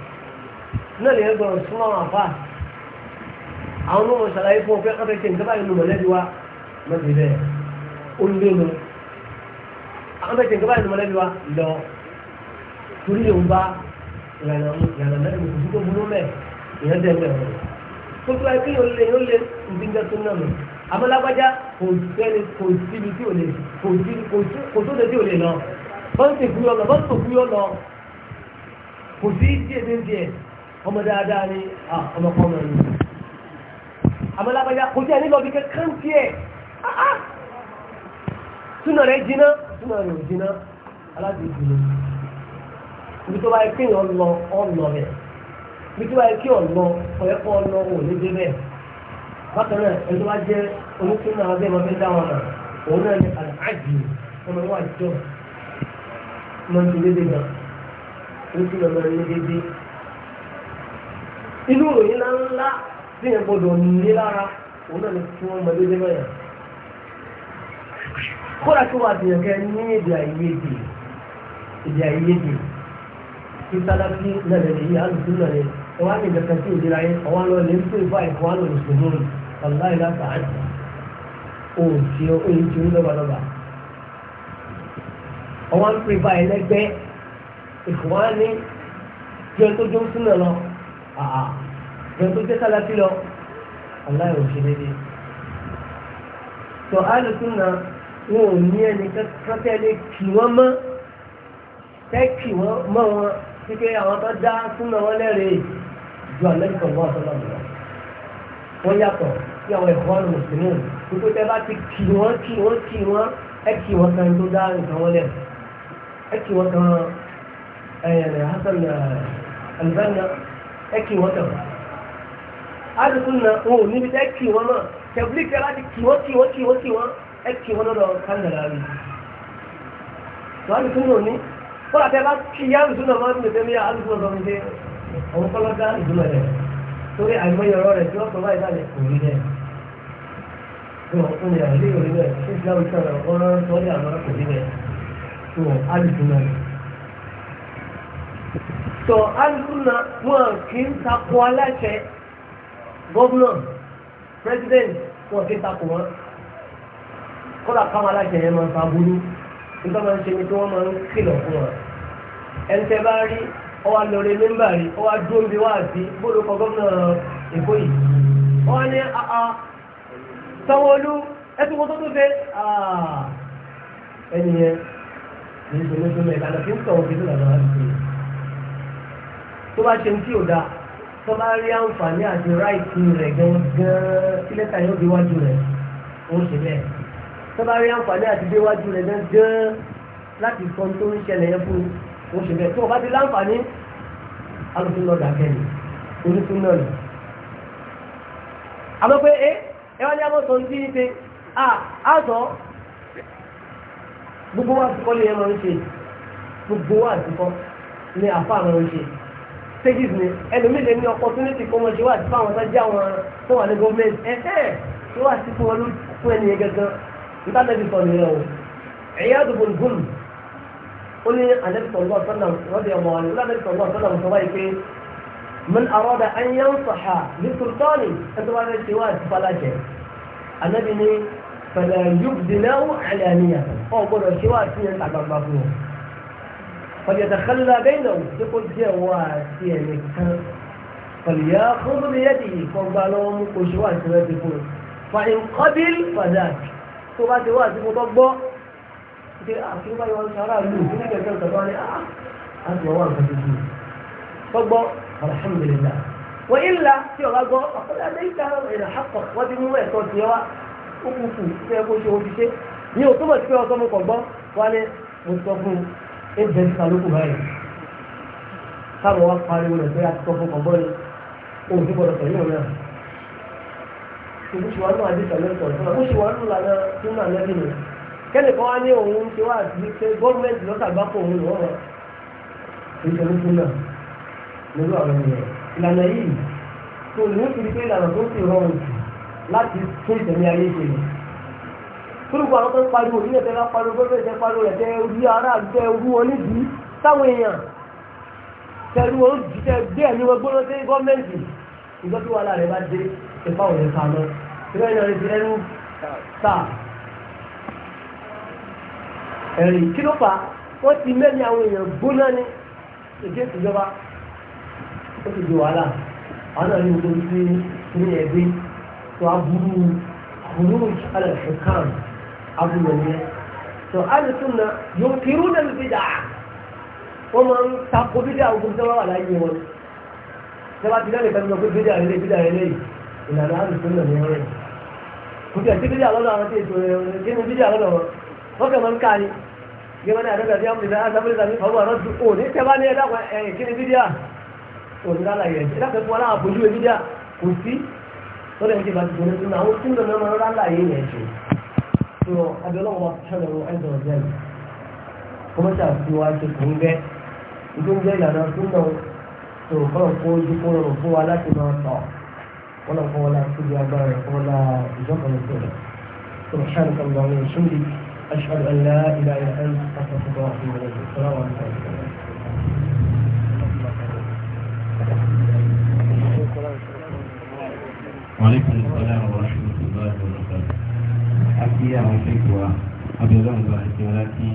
náà lè gbọ́dọ̀ súnmọ́ àwọn àfà àwọn ọmọ ṣàlàyé fún ọpẹ́ kátó ṣe nǹkan báyìí ló mọ̀lẹ́bí wa mọ̀lẹ́bí bẹ́ẹ̀ ó ń lé lọ àwọn bẹ́ẹ̀ ṣe nǹkan báyìí ló mọ̀lẹ́bí wa lọ torí lòun bá ìlànà mẹ́rin kò sí tó burú mẹ́ ìyẹn dẹ́ mẹ́rin rẹ̀ tó tó ẹbí yóò lé yóò lé ìdíjẹ tó náà lọ amúlágbájá kò sẹ́ni kò síbi tí ò lè kò ọmọ dáadáa ni ọmọkọ́mọ ni àmọ́lágbájá kò tí ẹ̀ nílò bí kankan tí ẹ̀ túnà rẹ̀ jiná túnà rẹ̀ jiná aládìjú ni ibi tó bá yẹ kí èèyàn lọ ọ̀nà rẹ̀ ibi tó bá yẹ kí ọ̀nà ọ̀yẹ́kọ̀ ọ̀nà òun ní débẹ̀ bákan náà ẹni tó bá jẹ́ oníkùnrin náà bẹ́ẹ̀ máa fi dá wọn náà òun náà ní àlàájì ọmọ wọn àjọ máa ń ti náà oníkùnrin náà máa ń ní inú ìròyìn ńlá ńlá tí yẹn gbọdọ̀ ní lára òun náà ni kí wọ́n mọ dédé báyà kódà kí wọ́n àtìyàn kẹ́ ní èdè àìyedè èdè àìyedè kí sálábí náà lè yí alùpùpù náà lè ẹ wá ní ìdẹ̀kẹ́ sí ìdíra yẹn ọwọ́ lọ lè ń pè bá ìfọ́ àlọ́ ìṣòro ọ̀láì láta àjà òun ti òun ti lọ́balọ́ba ọwọ́ ń pè bá ẹlẹ́gbẹ́ ìfọ́ á ní jẹ́ tó jó sínú lọ àà ah, ah. pẹ̀lú tó jẹ́ sálàfí lọ aláìwò ṣe dédé tó alùsùn náà wọn ò ní ẹni kẹ́kẹ́ kí wọ́n mọ́ tẹ́kì wọ́n mọ́ wọn sí pé àwọn tó dá súnmọ́ wọn lẹ́rìí ju amẹ́ríkà wọn sọ́nà lọ wọ́n yàtọ̀ sí àwọn ẹ̀kọ́ ọ̀nà mùsùlùmí gbogbo tẹ́ bá ti kì wọ́n kì wọ́n kì wọ́n ẹ kì wọ́n kan tó dá nǹkan wọn lẹ̀ ẹ kì wọ́n kan ẹ̀yẹ̀ eh, Hasan eh, Albana ẹkì wọ́n tẹ̀wọ́ alùpùpù náà wọn ò níbi tẹ́ kì wọ́n náà tẹ̀blí kẹ́ láti kì wọ́n kì wọ́n kì wọ́n kì wọ́n ẹkì wọ́n lọ́dọ̀ kánìlá rí wọ́n alùpùpù náà ní kọ́lá tẹ́ bá kí alùpùpù náà máa ń tẹ̀lé mi alùpùpù náà mi dé àwọn kọ́lá dá ìdúmọ̀ rẹ̀ torí àìmọye ọ̀rọ̀ rẹ̀ tí wọ́n sọ láì láì kò rí rẹ̀ tó ọ̀tún ni àìlè orí rẹ̀ ṣé ìsìláwọ̀ ìsọ̀rọ̀ ọ̀rọ̀ sọ́ọ́lì sọ alùpùpù wọn kì í takò aláṣẹ gọ́vnà president wọn kì í takò wọn kọ́lá káwọn aláṣẹ yẹn máa fa burú nígbà máa ń ṣe ni kí wọ́n máa ń kìlọ̀ fún wọn ẹni tẹ́ bá rí ọwọ́ lọ́rẹ́ mẹ́mbà rí ọwọ́ dúró bí wá sí bóòlù kọ gọ́vnà èkó yìí wọ́n ní Sanwó-Olú ẹtù wọn tó tó fẹ́ ẹni yẹn ní ìṣòro ìṣòro ìlànà tí ń sọ̀rọ̀ bí lọ́nà láti ṣe tó bá ṣe ń tí ò dáa tó bá rí àǹfààní àti ráìtì rẹ̀ gangan tí lẹ́tà yóò dé wájú rẹ̀ ó ṣe bẹ́ẹ̀ tó bá rí àǹfààní àti dé wájú rẹ̀ gangan láti sọ tó ń ṣẹlẹ̀ yẹn fún ó ṣe bẹ́ẹ̀ tó o bá ti láǹfààní alùpùpù lọ́dà kẹ́lì orúkú náà nì. àmọ́ pé ẹ eh, ẹ wá ní àwọn sọ ní ṣe à á sọ gbogbo wa àtìkọ́ lè yẹn máa ń ṣe gbogbo wa àtìkọ́ ní àfa máa ń ṣe stages ni ẹlòmíì lè ní opportunity kó wọn ṣe wá àtìfá àwọn sájà wọn tó wà ní gọ́ọ̀mẹ̀ntì ẹ̀ẹ́ ṣe wá àtìfá wọn ló fún ẹnìyẹn gẹ́gẹ́ níta lẹ́bi sọ nìyẹn o ẹ̀yà àdúgbò gùn ó ní àlẹ́bi sọ̀rọ̀ sọ́nà rọ́bì ọmọ wọn ní àlẹ́bi sọ̀rọ̀ sọ́nà sọ wáyé pé من أراد أن ينصح لسلطانه أنتم على السواد فلا شيء النبي فلا يبدي له علانية أو قول السواد فيه تعبان مفروض فليتخلى بينه، تقول جواسي نكتر فليأخذ بيده فضلهم كشوات تقول فإن قبل فذاك ثم جواسي مطبع تقول أخي ما شرع له تلك الكلمة قال أخي ما طبع الحمد لله وإلا في غضب أقول أديت إلى حقك ودي يكون سواء أكفو سيكون شيء وشيء ni o túmọ̀ sí pé ọtọ́ mú kọ̀gbọ́n wálé ẹ̀bẹ̀ ti kálukú báyìí káàbọ̀ wá pariwo rẹ̀ pé àti kọ́kọ́ kọ̀ọ̀bọ́ ni òun ti gbọ́dọ̀ tẹ̀lé òun náà ìbúṣe wọn náà àti tẹ̀lé ìtọ̀rọ̀ fún wa bó ṣe wọn nù lànà nínú àlẹ́bí ni kẹ́lẹ̀ kan wá ní òun ti wá àti pé gọ́ọ̀mẹ̀ntì lọ́sà gbá fún òun lọ́wọ́ ìṣẹ̀lẹ̀ fún náà lórí àwọn ènìyàn ìlànà yìí tó lè ní kiri pé ìlànà tó ti rọrùn jù láti tún ìtẹ̀lé ayé ṣe lọ torípò àwọn tó ń pariwo ní ẹ̀fẹ́ bá pariwo gbọ́dọ̀ ìfẹ́ pariwo rẹ̀ jẹ́ orí ara jẹ́ orú onídìí táwọn èèyàn tẹ̀lú oúnjẹ gbé ẹ̀mí wọn gbọ́dọ̀ sí gọ́ọ̀mẹ̀ntì ìjọ tí wàhálà rẹ̀ bá dé ìfá òun ká lọ ìfẹ́ ìyàn rẹ̀ ti ẹnu tà ẹ̀rìn kí ló fà wọ́n ti mẹ́ni àwọn èèyàn gbóná ní ìdí ìjọba ó ti di wàhálà àwọn náà ní ojú sí ní ẹgbẹ́ tó aburú àbúrú ìṣàlẹ̀ ṣùkárùn-ún abúlé yẹn tó alùsùn náà yóò kiri náà lè fi dà wọ́n máa ń takò bídà ogun tó wà láyé wọn sábà ti dáná ìfẹ́ mi lọ pé bídà rẹ̀ bídà rẹ̀ lẹ́yìn ìlànà alùsùn náà yẹn rẹ̀ kò tẹ̀ sí bídà lọ́dọ̀ àwọn tí èso rẹ̀ kí ni bídà lọ́dọ̀ wọn wọ́n kẹ́ máa ń kárí gbẹ́mọ́ náà àdọ́gbà tí a mú ìlànà àtàbílẹ̀ tàbí fọwọ́ àrọ́ ju òní tẹ́bá ní ẹ̀dá kí ni bídà òní lálàyé ẹ̀dá kẹ́kọ̀ọ́ aláwọ̀ àpòjú ẹ̀ kò sí lọ́dọ̀ ẹ̀ tó abẹ́lọ́wọ́ sọ̀rọ̀ ẹ̀rọ ẹ̀dọ̀ ọ̀jẹ̀lì kó mọ́tà fi wá ṣe kò ń bẹ́ ìdó ń jẹ́ ìlànà tó náà tó kọ́ kó ojú kó rọrùn fún wa láti máa tọ̀ wọ́n lọ fọwọ́ la síbi agbára rẹ̀ fọwọ́ la ìjọkàn ìṣẹ̀lẹ̀ سبحانك اللهم وبحمدك أشهد أن لا إله إلا أنت أستغفرك وأتوب إليك السلام عليكم وعليكم السلام ورحمة الله sí àwọn ṣèkùwà abiola ìgbà ìṣẹ́wọ́lá tí